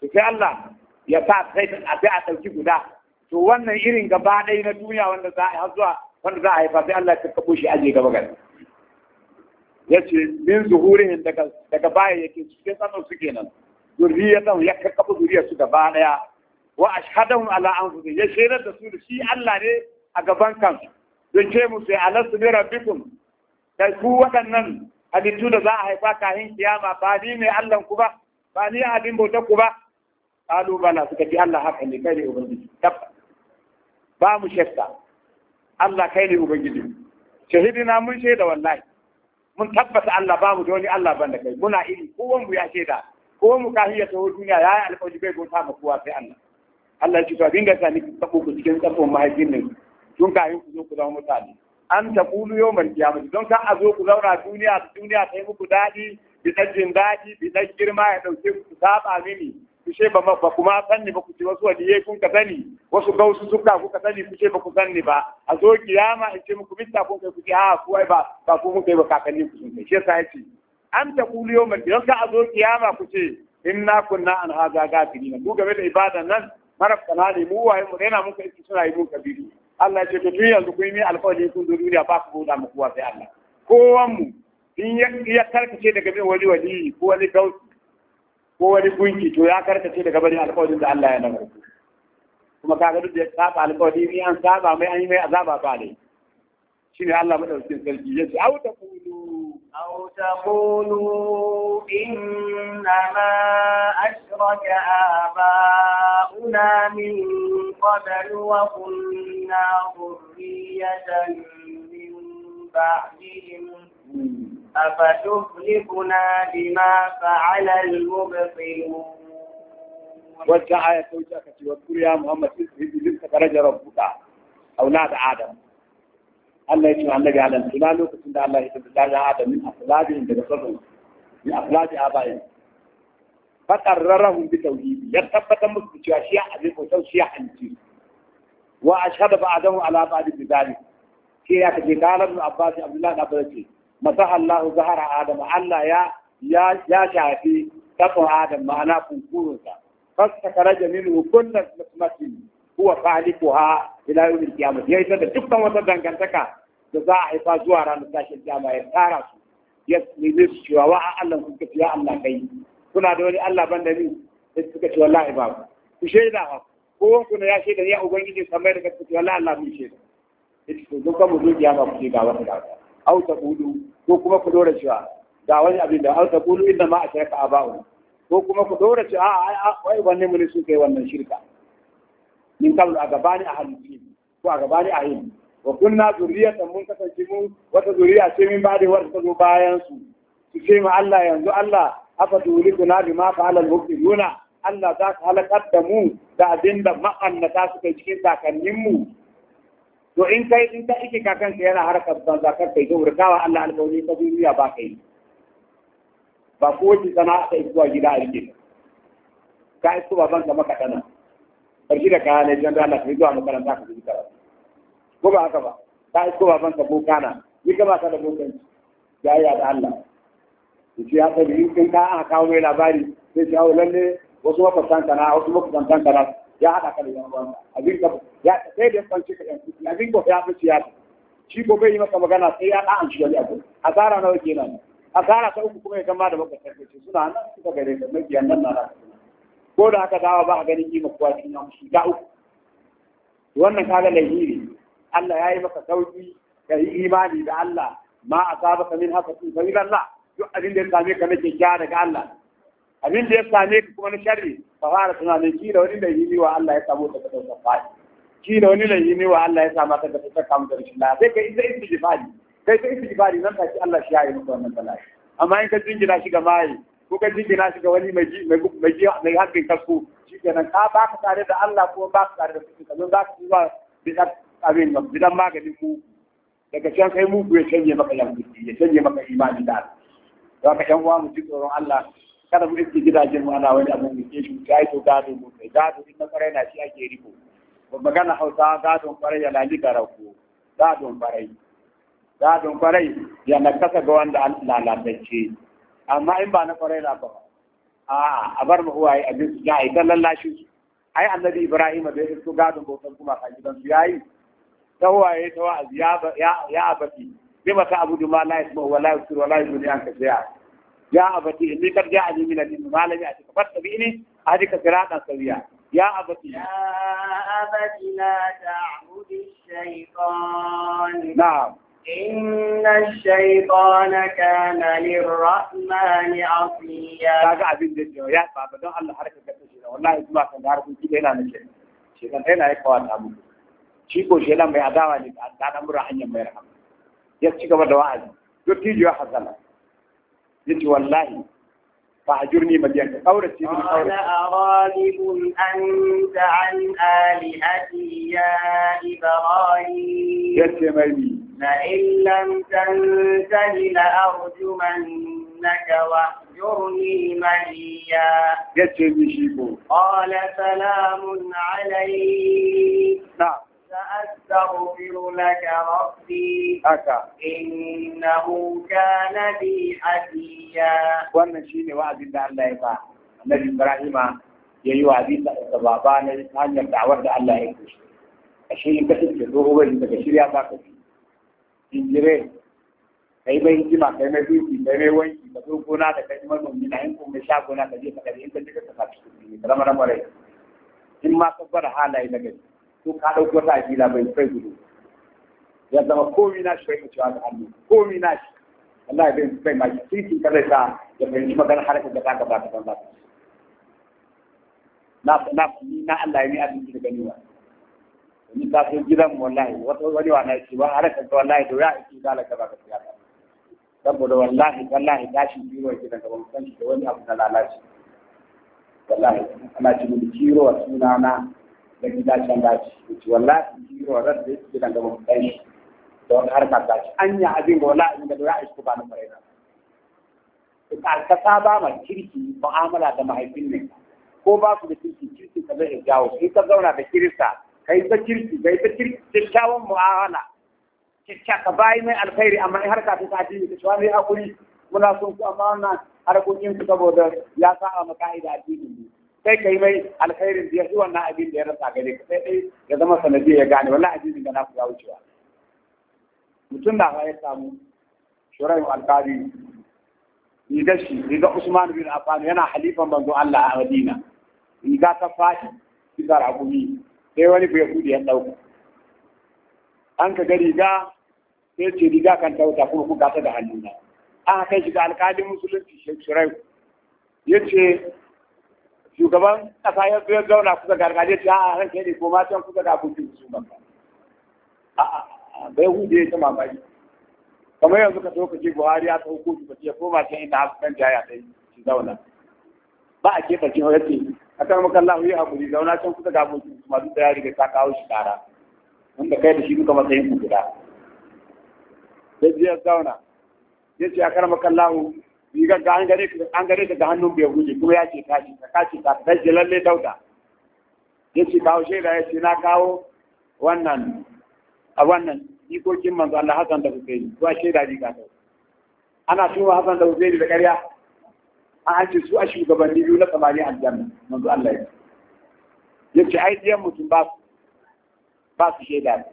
to sai Allah ya sa sai a sai a ɗauki guda to wannan irin gaba ɗaya na duniya wanda za a yi har zuwa wanda za a haifa sai Allah ya kakkaɓo shi aje gaba gari ya ce min zuhurihin daga baya yake ke sanar su kenan zurriyatan ya kakkafa zuriyar su gaba daya wa ashhadahum ala anfusihim ya shaidar da su da shi Allah ne a gaban kansu don ce musu ya alastu bi rabbikum kai ku waɗannan halittu da za a haifa kahin kiyama ba ni ne Allah ku ba ba ni abin bauta ku ba kalu bala suka ji Allah haka ne kai ne ubangiji ba mu shakka Allah kai ne ubangiji shahidina mun shaida wallahi mun tabbata Allah ba mu da wani Allah ban da kai muna iri kowan mu ya da, ko mu ka hiya ta duniya ya yi alƙawari bai bauta ma kowa sai Allah Allah ya ce to abin da sani ku tabo ku cikin tsafon mahaifin ne tun kafin ku zo ku zama mutane an ta kulu yau mal kiyamati don ka a zo ku zauna duniya duniya ta yi muku daɗi bi dan jin daɗi bi dan girma ya ɗauke ku saba mini kushe ba ba kuma sanni ba kuce wasu waliyai kun ka sani wasu gausu suka kuka sani kushe ba ku sanni ba a zo kiyama in ce muku bitta kun kai kuce a ah, kuwai ba ba ku mun kai ba kakanni ku sun kai shi yasa yace an ta kulu yau mai ka a zo kiyama kuce inna kunna an hadha na. Ku game da ibada nan mara kana ne mu waye mu rena muka iski suna yi muka bibi Allah ce to tuni yanzu kun yi mi kun zo duniya ba ku buɗa muku wa sai Allah kowan mu in ya karkace daga bin wani wali ko wani gausu ko wani gunki to ya karkace daga bari alƙawarin da Allah ya nuna kuma kaga duk da saba alƙawari ni an saba mai an yi mai azaba ba ne shine Allah madaukakin sarki yace au taqulu au kulu, inna ma ashraka abauna min qabl wa kunna dhurriyatan min ba'dihim hmm. أفتهلكنا بما فعل المبطلون wacce aya ta wuce aka ce wa ya Muhammad izilin ka daraja rabbuka aulad Adam Allah ya ce annabi Adam tuna lokacin da Allah ya tabbata da Adam min afladin daga sabon min afladi abayin fa qarrarahum bi tauhidi ya tabbata musu cewa shi abin ko shi ya hanci wa ya da Masa Allah zahara Adam Allah ya ya ya shafi kafin Adam ma'ana kunkurunsa fasta karaja minhu kullu nasmatin huwa khaliquha ila yawm al-qiyamah yayi da dukkan wata dangantaka da za a haifa zuwa ranar tashin kiyama ya tara su ya nemi su cewa wa Allah kun kafi ya Allah kai kuna da wani Allah ban da ni sai suka ce wallahi babu ku shaida ha ko ku ya shaida ya ubangiji samai da kace wallahi Allah mun shaida ita to dukkan mu zo kiyama ku ga wata da au taqulu ko kuma ku dora cewa ga wani abin da au taqulu inda ma asharaka aba'u ko kuma ku dora cewa a wai wannan mun su kai wannan shirka min kallu a gabani a halitti ko a gabani a yin wa kunna zuriyatan mun kasance mu wata zuriya ce min ba da wata ta zo bayan su su ce ma Allah yanzu Allah afa tulikuna bima fa'ala al-mubtiluna Allah za ka halakar da mu da abin da ma'annata suka cikin mu. to in kai in ka ike kakan ka yana harkar banza kar kai yi. kawa Allah alƙawari ta duniya ba kai ba ko wace sana ta zuwa gida a rike ka isko baban ka maka tana karshe da kaya ne jan Allah fi zuwa makaranta ka zuwa karatu ko ba haka ba ka isko baban ka bokana ni ka ba ka da bokanci jayya da Allah shi ya tabi in ka aka kawo mai labari sai shi hawo lalle wasu makwabtan kana wasu makwabtan kana ya haɗa ka da yan uwanka abin ka ya sai da kwanci ka yan abin ko ya fice ya shi ko bai yi maka magana sai ya ɗan shi wani abu asara nawa kenan asara ta uku kuma ya kama da makwabtar da suna nan suka gare ka mabiyan nan na ko da aka dawo ba a ganin kima kuwa cikin nan shi ga uku wannan kaga lahiri Allah ya yi maka sauki ka yi imani da Allah ma a saba ka min haka tun sabi Allah duk abin da ya same ka nake kya daga Allah abin da ya same ka kuma na sharri ka fara tunanin da wani laifi wa Allah ya samu daga ɗaukar fadi da wani laifi wa Allah ya samu daga ɗaukar kamun da rashin lafiya sai ka isa istijibari kai ta istijibari nan take Allah shi ya yi maka wannan bala'i amma in ka jingina shi ga mayi ko ka jingina shi ga wani mai mai kasko shi ke nan ka ba ka tare da Allah ko ba ka tare da kuɗi kazo za ka zuwa bidan abin bidan maganin ku daga can kai mugu ya canje maka yanzu ya canje maka imani da Allah za ka yan uwa mu ji tsoron Allah kada mu iske gidajen mu ana wani abin da ke shi ta yi to gado mu kai gado in na kwarai na shi ake riko ba magana hausa gado kwarai ya lali garako gado kwarai gado kwarai ya na kasa ga wanda an lalatacce amma in ba na kwarai na ba a a bar mu huwaye a su ya idan lallashi su ai annabi ibrahim da ya gado gadon bautan kuma kan gidan su yayi ta huwaye ta wa'azi ya ya abati mata ta abudu ma la yasma wa la yusir wa la yusir an يا أبتي إني قد جاء لي من الدين ما لم يأتك فاتبعني هذه صراطا سويا يا أبتي يا أبتي لا تعبد الشيطان نعم إن الشيطان كان للرحمن عصيا كاجا أبين دجو يا بابا دون الله حركة كتشيرا والله إسمع كان دارك كده هنا نشيل شيطان هنا يكوان أبو شيكو شيلان بيعداوا لك أدانا مرحنيا ميرحم يسيكو بدوا عزم يا حسنا yace wallahi fa ajurni ma biyan kaurace min kaurace ana aghalibun anta an alihati ya ibrahim yace mai ni la illam tantahi la arjuman nakawa يرني مليا قال سلام عليك نعم سأستغفر لك ربي هكا إنه كان بي حفيا wannan shine wa'azin da Allah ya ba Annabi Ibrahim ya yi wa'azi da baba ne ta hanyar da'awar da Allah ya kushe ashe in ka tsince daga shirya kai mai hikima kai mai duki kai mai wanki ka zo gona da kai manomi na in kuma sha na ka je ka kare in ka je ka saka cikin ne karamar marai in ma ka halaye na gari ko ka ɗauki wata aƙila bai kai gudu ya zama komi na shi bai kacewa da hannu komi na shi wallahi bai bai ma shi kirkin ka zai sa ya fahimci magana har ka gaba gaba ta ba na na na Allah ya ni abinci da ganewa ni ta so gidan wallahi wata wani wa na shi ba har ka wallahi to ya ci dala gaba ka ya saboda wallahi wallahi biro ya gidan gaban san shi da wani abu na lalaci wallahi ana cikin kiro sunana da gidajen daji wuce wallahi jiro rar da yake gidan da mun kai da wani harkar daji anya abin ga wallahi da ya aiki ba na bare na ka saba ma kirki mu'amala da mahaifin ne ko ba su da kirki kirki ka zai jawo in ka zauna da kirista kai ta kirki kai ta kirki kyakkyawan mu'amala ka bayi mai alkhairi amma in harka ta addini ka shawani hakuri muna son ku amma wannan harkokin ku saboda ya sa a maka'ida addini ne sai kai mai alkhairin da ya yi wannan abin da ya rasa gare ka sai dai ya zama sanadiyar ya gane wani abin da na ku ya wucewa mutum na ya samu shurayin alkali riga shi riga Usman bin Affan yana halifan manzo Allah a Madina riga ta fashi, riga rakumi sai wani bai kudi ya dauka an ka ga riga sai ce riga kan tauta kuma kuka ta da hannuna an kai shi ga alkalin musulunci Sheikh Shurayu yace shugaban kasa ya zo ya zauna kusa gargaje ta a ran kai ko ma can kusa da abokin su ba a bai huje ta mamaki kamar yanzu ka ka ce Buhari ya tsawo kotu ba ya koma can ina haka kan jaya ta shi zauna ba a keɓe cin rafi a kan maka Allah ya hakuri zauna can kusa da abokin su masu da ya ta kawo shi tara wanda kai da shi duka matsayin ku guda. Sai ya zauna ya ce a kan maka Allah rigar an gare ka an da hannun bai guje kuma ya ce ka ce ka ka ce ka dan lalle dauda ya ce kawo shaida ya ce na kawo wannan a wannan ikokin manzo Allah Hassan da Husaini kuma shaida riga ta ana tuma Hassan da Husaini da ƙarya an an ce su a shugabanni biyu na samari aljanna manzo Allah ya ya ce ai diyan mutum ba su ba su shaida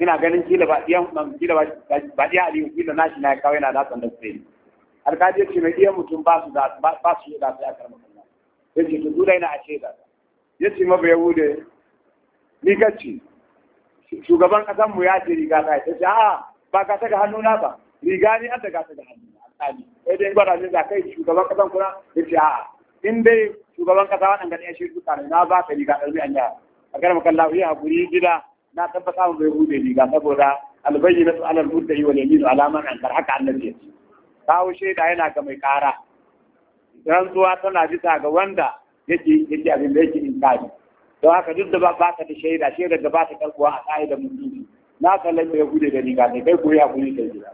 ina ganin kila ba diyan kila ba diyan Aliyu kila nashi na kawai na da Hassan da Husaini alkaji ce mai iya mutum ba su ba su da su ya karma kallon ya ce to dole na ce da ya ce mabai wude ni kacci shugaban kasan mu ya ce riga ta ya ce a ba ka saka hannuna ba riga ne an da ka saka hannuna alkaji sai dai gwada ne da kai shugaban kasan kuna ya ce a in dai shugaban kasa waɗanda ne ya shi duka ne na ba ka riga ɗarbi an yara a karma kallon ya haƙuri gida na tabbata mu bai hude riga saboda albayyana su alal muddahi wa yamin alaman an kar haka annabi ya ce kawo shaida yana ga mai ƙara rantsuwa tana bisa ga wanda yake yake abin da yake inkari don haka duk da ba ka da shaida shaida da ba ta karkuwa a mun musulmi na kallon da ya gude da riga ne kai ko ya kuri kai gida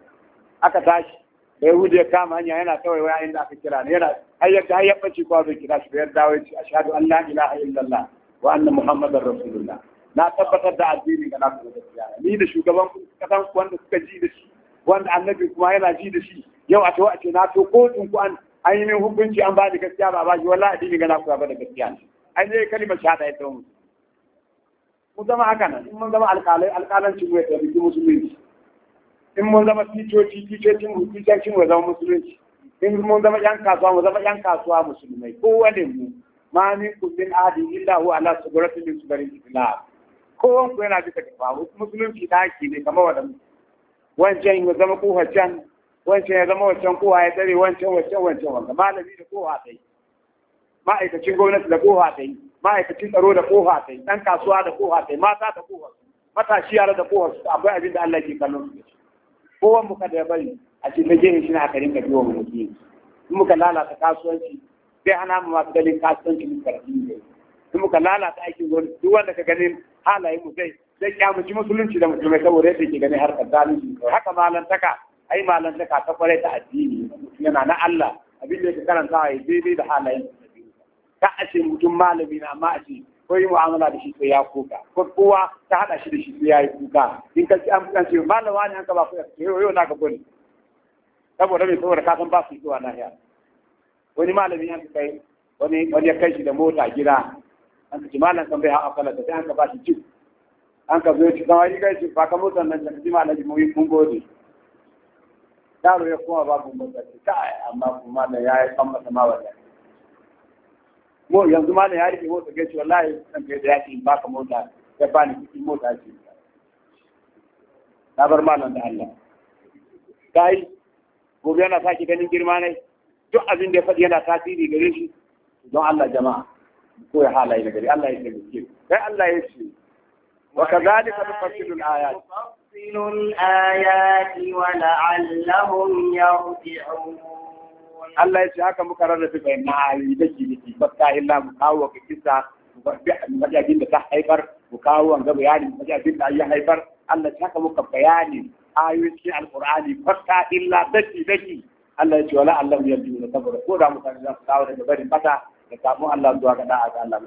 aka tashi da ya ka kama hanya yana kawai waya inda aka kira ne yana hayyar da hayyar bace kwa bai kira shi bayar dawo ya ce ashhadu an la ilaha illallah wa anna muhammadar rasulullah na tabbatar da addini ga na kuma gaskiya ni da shugaban kasan wanda suka ji da shi wanda annabi kuma yana ji da shi yau a tawa ce na to kotun ku an an yi min hukunci an ba da gaskiya ba ba shi wallahi addini ga na ku ba da gaskiya an yi kalmar shahada ya tawo mu zama haka nan in mun zama alƙalai alƙalancin mu ya ki musulunci in mun zama ticoci ticocin mu ticoci mu zama musulunci in mun zama yan kasuwa mu zama yan kasuwa musulmai kowane mu ma min kullin adi illa huwa ala suguratin min sugarin islam ku yana bisa kafa musulunci ake ne kamar wadanda wancan ya zama kuhar can wancan ya zama wancan kowa ya tsare wancan wancan wancan wancan malami da kowa ta yi ma'aikacin gwamnati da kowa ta yi ma'aikacin tsaro da kowa ta yi ɗan kasuwa da kowa ta yi mata da kowa matashi yara da kowa su akwai abin da Allah ke kallon su da shi kowan muka da bari a cikin gehen shi na aka rinka biyo mu mutum in muka lalata kasuwanci sai hana mu masu ganin kasuwanci muka rafi ne in muka lalata aikin gwamnati duk wanda ka ganin halayen mu zai sai kyamuci musulunci da musulmai saboda yadda ke gani harkar zalunci kawai haka malantaka ai malantaka ta kwarai ta addini yana na Allah abin da ya karanta ya daidai da halayen ka a ce mutum malami na amma a ce ko yi mu'amala da shi sai ya kuka ko kowa ta hada shi da shi sai ya yi kuka in ka ci an kuka ce malama ne an ka ba ku yau yau na ka bane saboda mai saboda kasan ba su zuwa lahiya wani malami ya kai wani wani ya kai shi da mota gida an ka ci malam kan bai hawa da sai an ka ba shi jiki an ka zo cikin wani gaisu ba ka musu nan jami'i ma na jimoyi kun gode yaro ya kuma ba babu mutsaci ta amma kuma da ya yi kan masa ma da mu yanzu ma da ya rike ke gaci wallahi kan ke da ba baka mota ya ni cikin mota ce na bar malam da Allah kai gobe yana sake ganin girma ne duk abin da ya faɗi yana tasiri gare shi don Allah jama'a ko ya halaye da gari Allah ya taimake kai Allah ya ce وكذلك نفصل الآيات نفصل الآيات ولعلهم يرجعون Allah ya ce haka muka rarrafe bai ma'ayi da ke niki bakka illa mu kawo ka kisa majajin da ta haifar mu kawo wanga bayanin majajin da ya haifar Allah ya ce haka muka bayani ayoyin alqur'ani bakka illa daki daki Allah ya ce wala Allah ya ji saboda ko da mutane za su kawo daga barin bata da samu Allah zuwa ga da'a ga Allah mu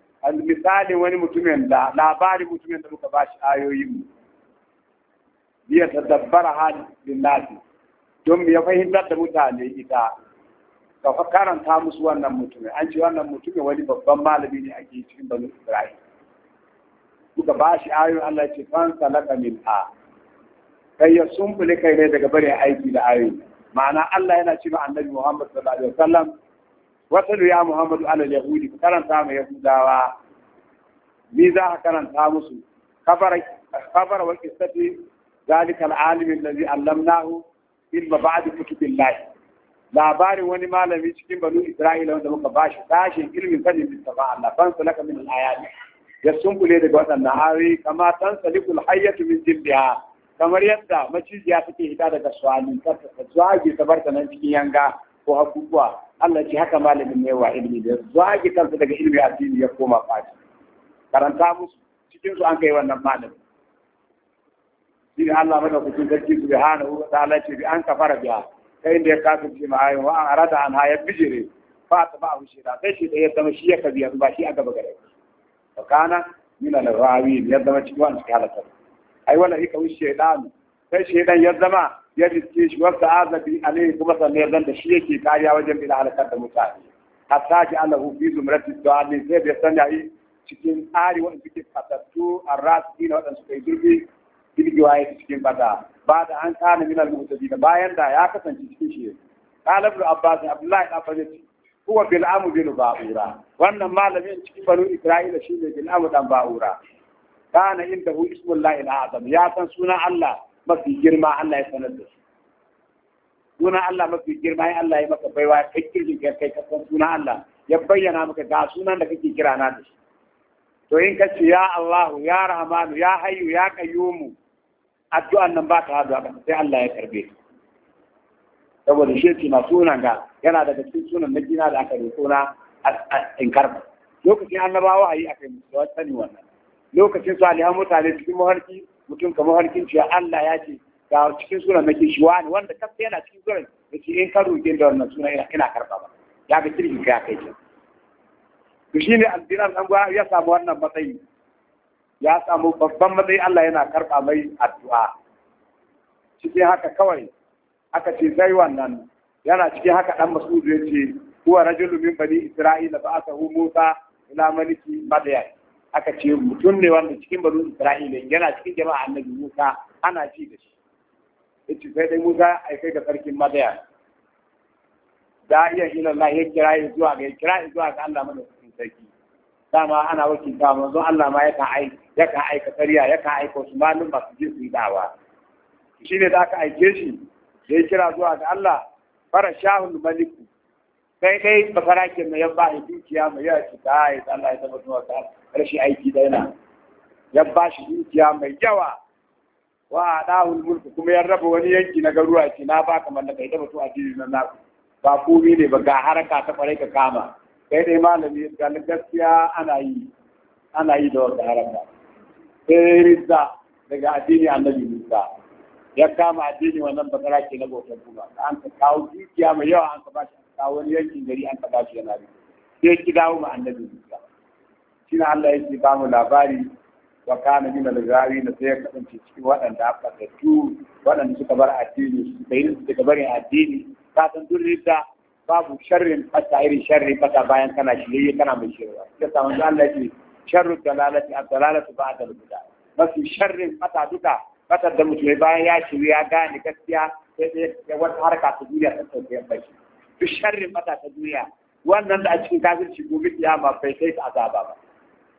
misalin wani mutumin da labarin mutumin da muka ba shi ayoyin ya tadabbara halin nasi don ya fahimtar da mutane ita ka karanta musu wannan mutumin an ce wannan mutumin wani babban malami ne ake cikin banu Isra'il kuka ba shi ayoyin Allah ce fan salaka min a kai ya sumbule kai ne daga bare aiki da ayoyi ma'ana Allah yana cewa annabi Muhammad sallallahu alaihi wasallam wasalu ya muhammadu ala yahudi ka karanta ma yahudawa ni za ka karanta musu kafara kafara wa qissati zalika al allamnahu ilma ba'd kutubillah labarin wani malami cikin banu isra'ila wanda muka ba shi tashin ilmin sanin littafa Allah ban su min minin ya sumbule daga waɗannan hari kama tan salikul hayyatu min kamar yadda macijiya take hita daga swalin ta ta zuwa ta nan cikin yanga ko hakukuwa Allah ce haka malamin ne wa ilimi da zagi kansa daga ilimi addini ya koma fashi karanta musu cikin su an kai wannan malamin shi ne Allah mana ku sarki su bihana wa ta'ala ce bi an kafara biya kai inda ya kasance ma ayin wa an arata an haya bijire fa ta ba hu shira sai shi ya zama shi ya ya ba shi a gaba gare to kana mina na rawi ya zama cikin wannan halaka ai wala hika wuce shaytan sai dan ya zama ya riske shi wasu azabi alaihi kuma sannan zan da shi yake kariya wajen bin halakar da mutane hatta ki ana hufi zumrati du'ani sai bai san yi cikin tsari wanda suke fatattu arrasi na wadanda suka yi zurfi girgiwa ya cikin bata ba da an kana min al-mutadina bayan da ya kasance cikin shi qala ibn abbas abdullahi ibn abbas huwa bil amu bin ba'ura wannan malamin cikin banu isra'ila shine bil amu dan ba'ura kana indahu ismullahi al-azam ya san sunan allah mafi girma Allah ya sanar da su suna Allah mafi girma ya Allah ya maka baiwa kai ya kai ka san suna Allah ya bayyana maka ga sunan da kake kira na da shi to in ka ce ya Allahu ya Rahmanu ya Hayyu ya Qayyumu addu'an nan ba ta hadu sai Allah ya karbe saboda shi ce na sunan ga yana daga cikin sunan na gina da aka roƙo na in karba lokacin annabawa ayi akai musu sani wannan lokacin su alihan mutane cikin maharki mutum kamar harkin ciya Allah ya ce ga cikin sunan nake shi wani wanda kafta yana cikin sunan da ce in ka roƙe da wannan sunan ina karɓa ba ya ga kirki ka kai ce to shine addinan an gwa ya samu wannan matsayi ya samu babban matsayi Allah yana karɓa mai addu'a cikin haka kawai aka ce sai wannan yana cikin haka dan Mas'ud ya ce huwa rajulun min bani Isra'ila ba'athahu Musa ila maliki Madyan aka ce mutum ne wanda cikin barin Isra'ila yana cikin jama'a annabi Musa ana ci da shi yace sai dai Musa ai kai ga sarkin madaya da iya ila Allah ya kira ya zuwa ga kira ya zuwa ga Allah mana cikin sarki dama ana ta manzo Allah ma ka ai yakan aika sariya ai aika wasu malum masu ji su dawa shine da aka aike shi ya kira zuwa ga Allah fara shahul maliku kai kai bakara ke mai yabba a dukiya mai yawa shi ta ya Allah ya taɓa zuwa ta rashin aiki da yana yabba shi dukiya mai yawa wa a ɗahun mulki kuma ya raba wani yanki na garuwa ce na baka kai ita zuwa addini na naku ba kumi ne ba ga haraka ta kwarai ka kama kai dai malami ga gaskiya ana yi ana yi da wata haraka sai rizza daga addini annabi Musa ya kama addini wannan bakara ke na gobe kuma an ka kawo dukiya mai yawa an ka ba shi a wani yankin gari an taɓa shi yana rufe sai ki dawo ma annabi Musa shi na Allah yake ba mu labari wa kana min al-ghari na sai ya kasance cikin waɗanda aka tattu waɗanda suka bar addini suka yi suka barin addini ka san duk da babu sharrin fata irin sharrin fata bayan kana shirye kana mai shirwa ya samu Allah yake sharru dalalati ad-dalalatu ba'da al-bid'ah Masu sharrin fata duka fatar da mutum bayan ya shirya ya gane gaskiya sai ya wata harka ta duniya ta tsaye bai duk sharrin mata ta duniya wannan da a cikin kafirci gobe kiyama bai kai ta azaba ba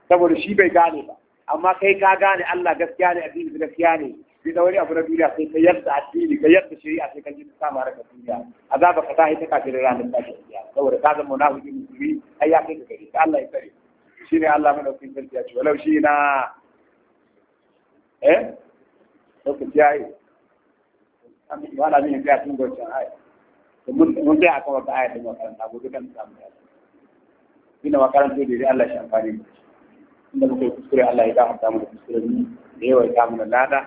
saboda shi bai gane ba amma kai ka gane Allah gaskiya ne addini gaskiya ne bi da wani abu na duniya sai ka yadda addini ka yadda shari'a sai ka ji ta sama raka duniya azaba ka ta ita kafin ranar tashin kiyama saboda ka zama na munafiki musulmi ai ya kai ka gari Allah ya tsare ne Allah madaukakin sarki ya ce walau shi na eh lokaci Ba wala min ga tun gocin ai mun tsaya akan wata aya din makaranta gobe kan samu ta ina makarantu da Allah shi amfani da shi inda muke kuskure Allah ya gafarta mu da kuskure ni da yawa ya mu da lada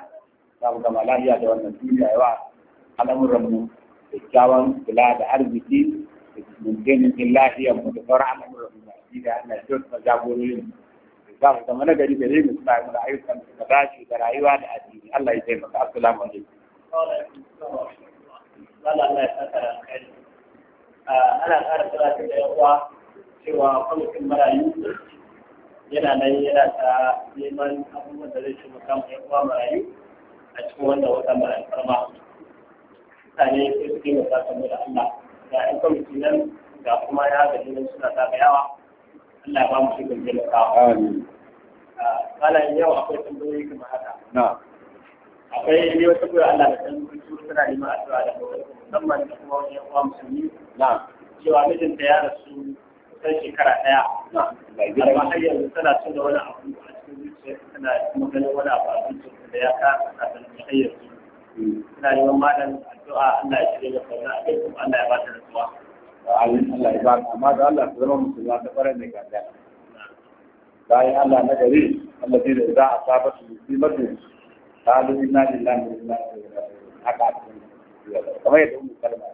za mu gama lafiya da wannan duniya yawa al'amuran mu da kyawun kula da arziki da mintinin din lafiyar mu da sauran al'amuran mu da da Allah ya kyauta jagororin za mu zama nagari da rimi suna mu da ayyukan da dace da rayuwa da addini Allah ya taimaka assalamu alaikum Allah ya saka da alkhairi ana ƙara tsara da yawa cewa kwamitin marayu yana nan yana ta neman abubuwan da zai taimaka kama yan uwa marayu a cikin wanda wata marayu farma mutane sai su taimaka saboda da Allah ga yan kwamitin nan ga kuma ya gaji nan suna zaga yawa Allah ya ba mu shi gajiyar kawo. Amin. Kana yau akwai tambayoyi kamar haka. akwai ne wata kura Allah da kan su tana neman addu'a da musamman da kuma wani yawa musulmi na cewa mijinta ya rasu kusan shekara daya amma har yanzu tana cin da wani abu a cikin zuciya tana kuma ganin wani abu a zuciya da ya kasa kafin ta har yanzu hmm. tana neman malam addu'a Allah ya shirya masa wani abin kuma Allah ya ba ta rasuwa Allah ya ba ta amma da Allah ta zama musulma ta kwarai mai gada bayan Allah na gari Allah zai da za a saba su musulmatin قالوا إنا لله وإنا إليه راجعون haka kamar yadda mu kalma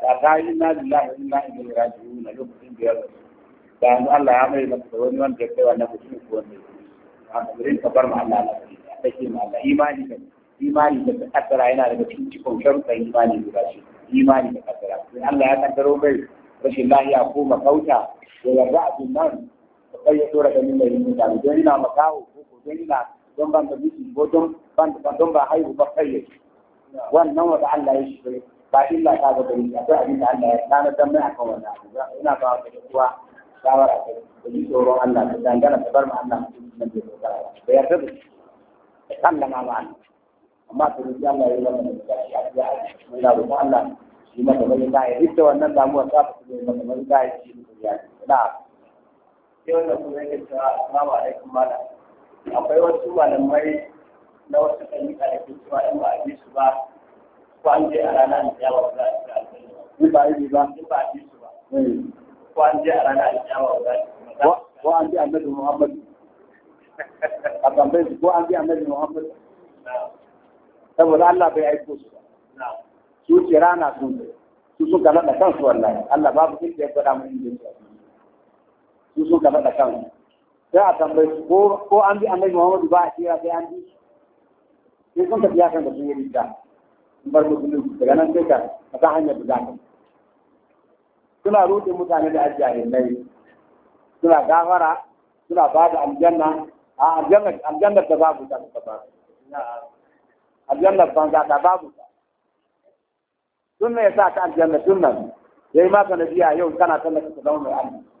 ta ta yi na lillahi wa inna ilaihi raji'un a lokacin da ya da yanzu Allah ya mai masa wani wanda ya kai wannan mutum ko wanda ya a kamarin ka bar ma Allah na kai ta ke ma Allah imani da imani yana daga cikin cikon sharuɗan imani da rashi Allah ya kaddaro mai rashin lahiya ko makauta ya yarda abin kai ya ganin mai mutane don yana makawo ko ko don ban da miji ko don don ba haihu ba kai yake wannan wata Allah ya shi ba illa ta ga gari akwai abin da Allah ya dana dan mai akan wannan ina ba ka kuwa shawara ta da tsoron Allah da dangana ta bar mu Allah nan bai dogara ba ya tabu Allah ma ba Allah amma to ni Allah ya yi wannan da shi a ya mun roƙon Allah shi ma da bane kai duk da wannan damuwa ta ta ne da bane kai shi ya na sai wannan kuma yake cewa assalamu alaikum malam akwai wasu malamai na wasu ɗanika da ke cewa in ba su ba ko an je a rana alƙiyawa ba za a ci in ba a bi ba in ba a bi su ba hmm. ko an je a rana alƙiyawa ba za a ci ko an je annabi muhammad a tambaye su ko an je annabi muhammad saboda Allah bai aiko su ba su ce rana sun su suka da kansu wallahi Allah babu inda ya gwada mu inda su su suka da kansu za a tambayi ko ko an bi annabi Muhammadu ba a kira sai an bi sai kun tafiya kan da sun yi rida bar musulmi daga nan sai ka a ta hanyar da za ka suna roƙe mutane da ajiyar nai suna gafara suna ba da aljanna a aljannar da babu ta suka ba aljannar banza ta babu ta sunna ya sa ka aljanna sunna yayi maka nabiya yau kana sallar ka zama mai aljanna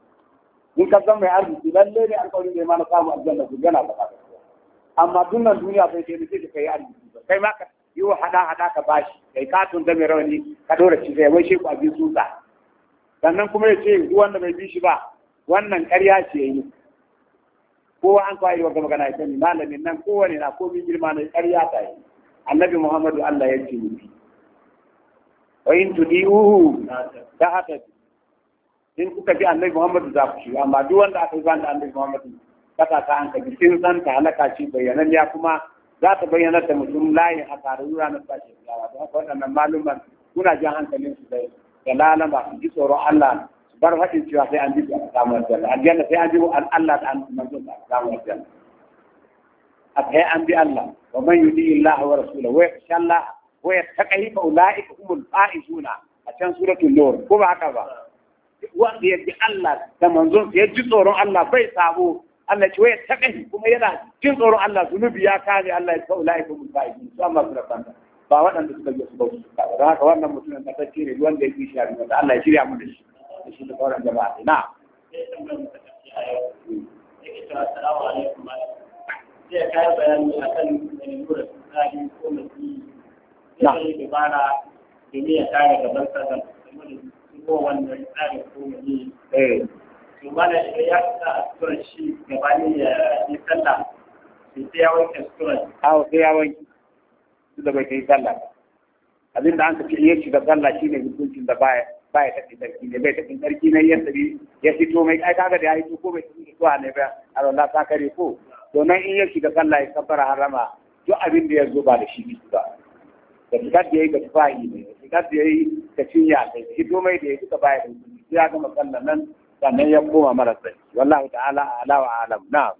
in ka zama ya arziki lalle ne alƙawari ne ma mana samu aljanna su yana da kasa amma dunnan duniya bai kai sai ka yi arziki ba kai ma ka yi wa hada hada ka bashi kai ka tun da mai rauni ka dora shi sai wai shi ku abin tsutsa sannan kuma ya ce wanda bai bi shi ba wannan ƙarya ce ya yi kowa an kwaye gama magana ya sani malamin nan kowane na komi girma na ƙarya ta yi annabi muhammadu allah ya ce ni wa in uhu ta in kuka bi annabi Muhammadu za ku shiga amma duk wanda aka yi banda annabi Muhammadu kasa ta an kaji sun san ta halaka shi bayanan ya kuma za ta bayyana da mutum layin a tare yura na sashi da don haka waɗannan maluman kuna jan hankalin su dai da lalama su ji tsoron Allah su bar haɗin cewa sai an ji a samu aljanna aljanna sai an ji Allah da an manzo da samun aljanna a kai an bi Allah wa man yudi Allah wa rasula wa yakhsha wa yattaqi fa ulaika humul faizuna a can suratul nur ko ba haka ba wanda da Allah da manzon ya ji tsoron Allah bai sabo Allah ce waya ta kai kuma yana jin tsoron Allah zunubi ya kare Allah ya sa ulai ko mutaki su amma su rafanta ba waɗanda suka yi su ba su da haka wannan mutumin da ta cire wanda ya shi da Allah ya shirya mu da shi da shi da jama'a na alaikum sai bayani a kan tsari ko mutum yi dabara domin ya kare gaban ko wanda ya komai ne eh. to mana idan ya fita a suturar shi gabanin ya yi sallah sai sai ya wanke suturar awo sai ya da bai ta yi sallah abin da an ka ya shiga sallah shi ne hukuncin da baya baya tafi sarki ne bai tafi sarki ne ya bi ya fito mai ai kaga da ya yi ko bai tafi da tuwa ne ba Allah ta kare ko to nan in ya shiga sallah ya kabbara harama duk abin da ya zo ba da shi ba والله تعالى اعلى نعم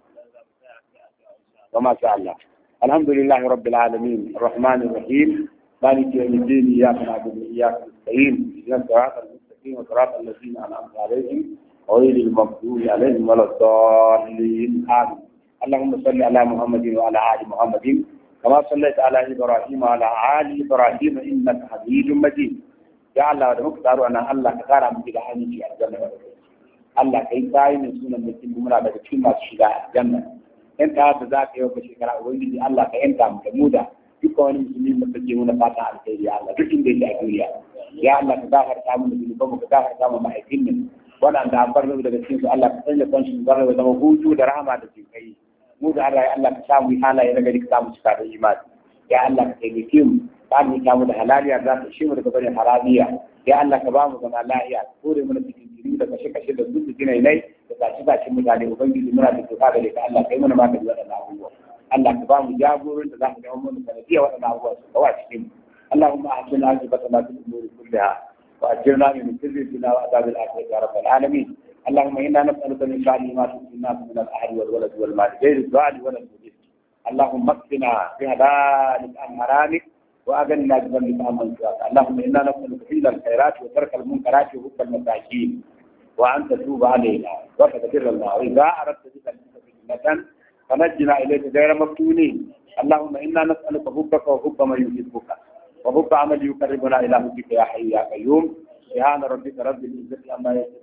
وما شاء الله الحمد لله رب العالمين الرحمن الرحيم مالك يوم الدين اياك نعبد واياك نستعين اهدنا الصراط المستقيم وصراط الذين انعمت عليهم غير المغضوب عليهم ولا الضالين امين اللهم صل على محمد وعلى ال محمد Kama صليت على إبراهيم وعلى آل إبراهيم إنك حميد مجيد يا الله da muka tsaro nan Allah ka kara mu da hanji a aljanna Allah kai sai ne sunan da kin muna daga cikin masu shiga aljanna in ka da za ka yi wa shekara ubangiji Allah ka yanta mu da mu da wani musulmi mu take muna fata Allah duk inda a duniya ya Allah ka gafarta mu da zunuban mu ka mu wannan da an bar daga cikin su Allah ka sanya kwanci mu bar da zama hutu da rahama da jinkai mu da Allah Allah ka samu halaye na gari ka samu cika da imani ya Allah ka taimake mu ka mu ta mu da halaliya za ka shi mu daga barin haramiya ya Allah ka ba mu zama lahiya kore mu da cikin jiri da kashe kashe da zuci jinai nai da tashi tashi mutane ubangiji muna da doka da ka Allah kai mana magani waɗannan abubuwa Allah ka ba mu jagorin da za ka dawo mu da sanadiyya waɗannan abubuwa su kawa cikin mu اللهم اعطنا عاقبتنا في الامور كلها واجرنا من كل ابتلاء وعذاب الاخره يا رب العالمين اللهم إنا نسألك من بعد ما تؤتي الناس من الأهل والولد والمال غير الزعل ولا الوجد اللهم اكفنا بهلالك عن حرامك وأغنى بذنبك عمن سواك اللهم إنا نسألك حل الخيرات وترك المنكرات وحب المساكين وأن تتوب علينا وتغفر الله اذا أردت بك فتنة فنجنا إليك غير مفتونين اللهم إنا نسألك حبك وحب من يحبك وحب عمل يقربنا إلى حبك يا حي يا قيوم سبحان ربك رب العزة عما يصفون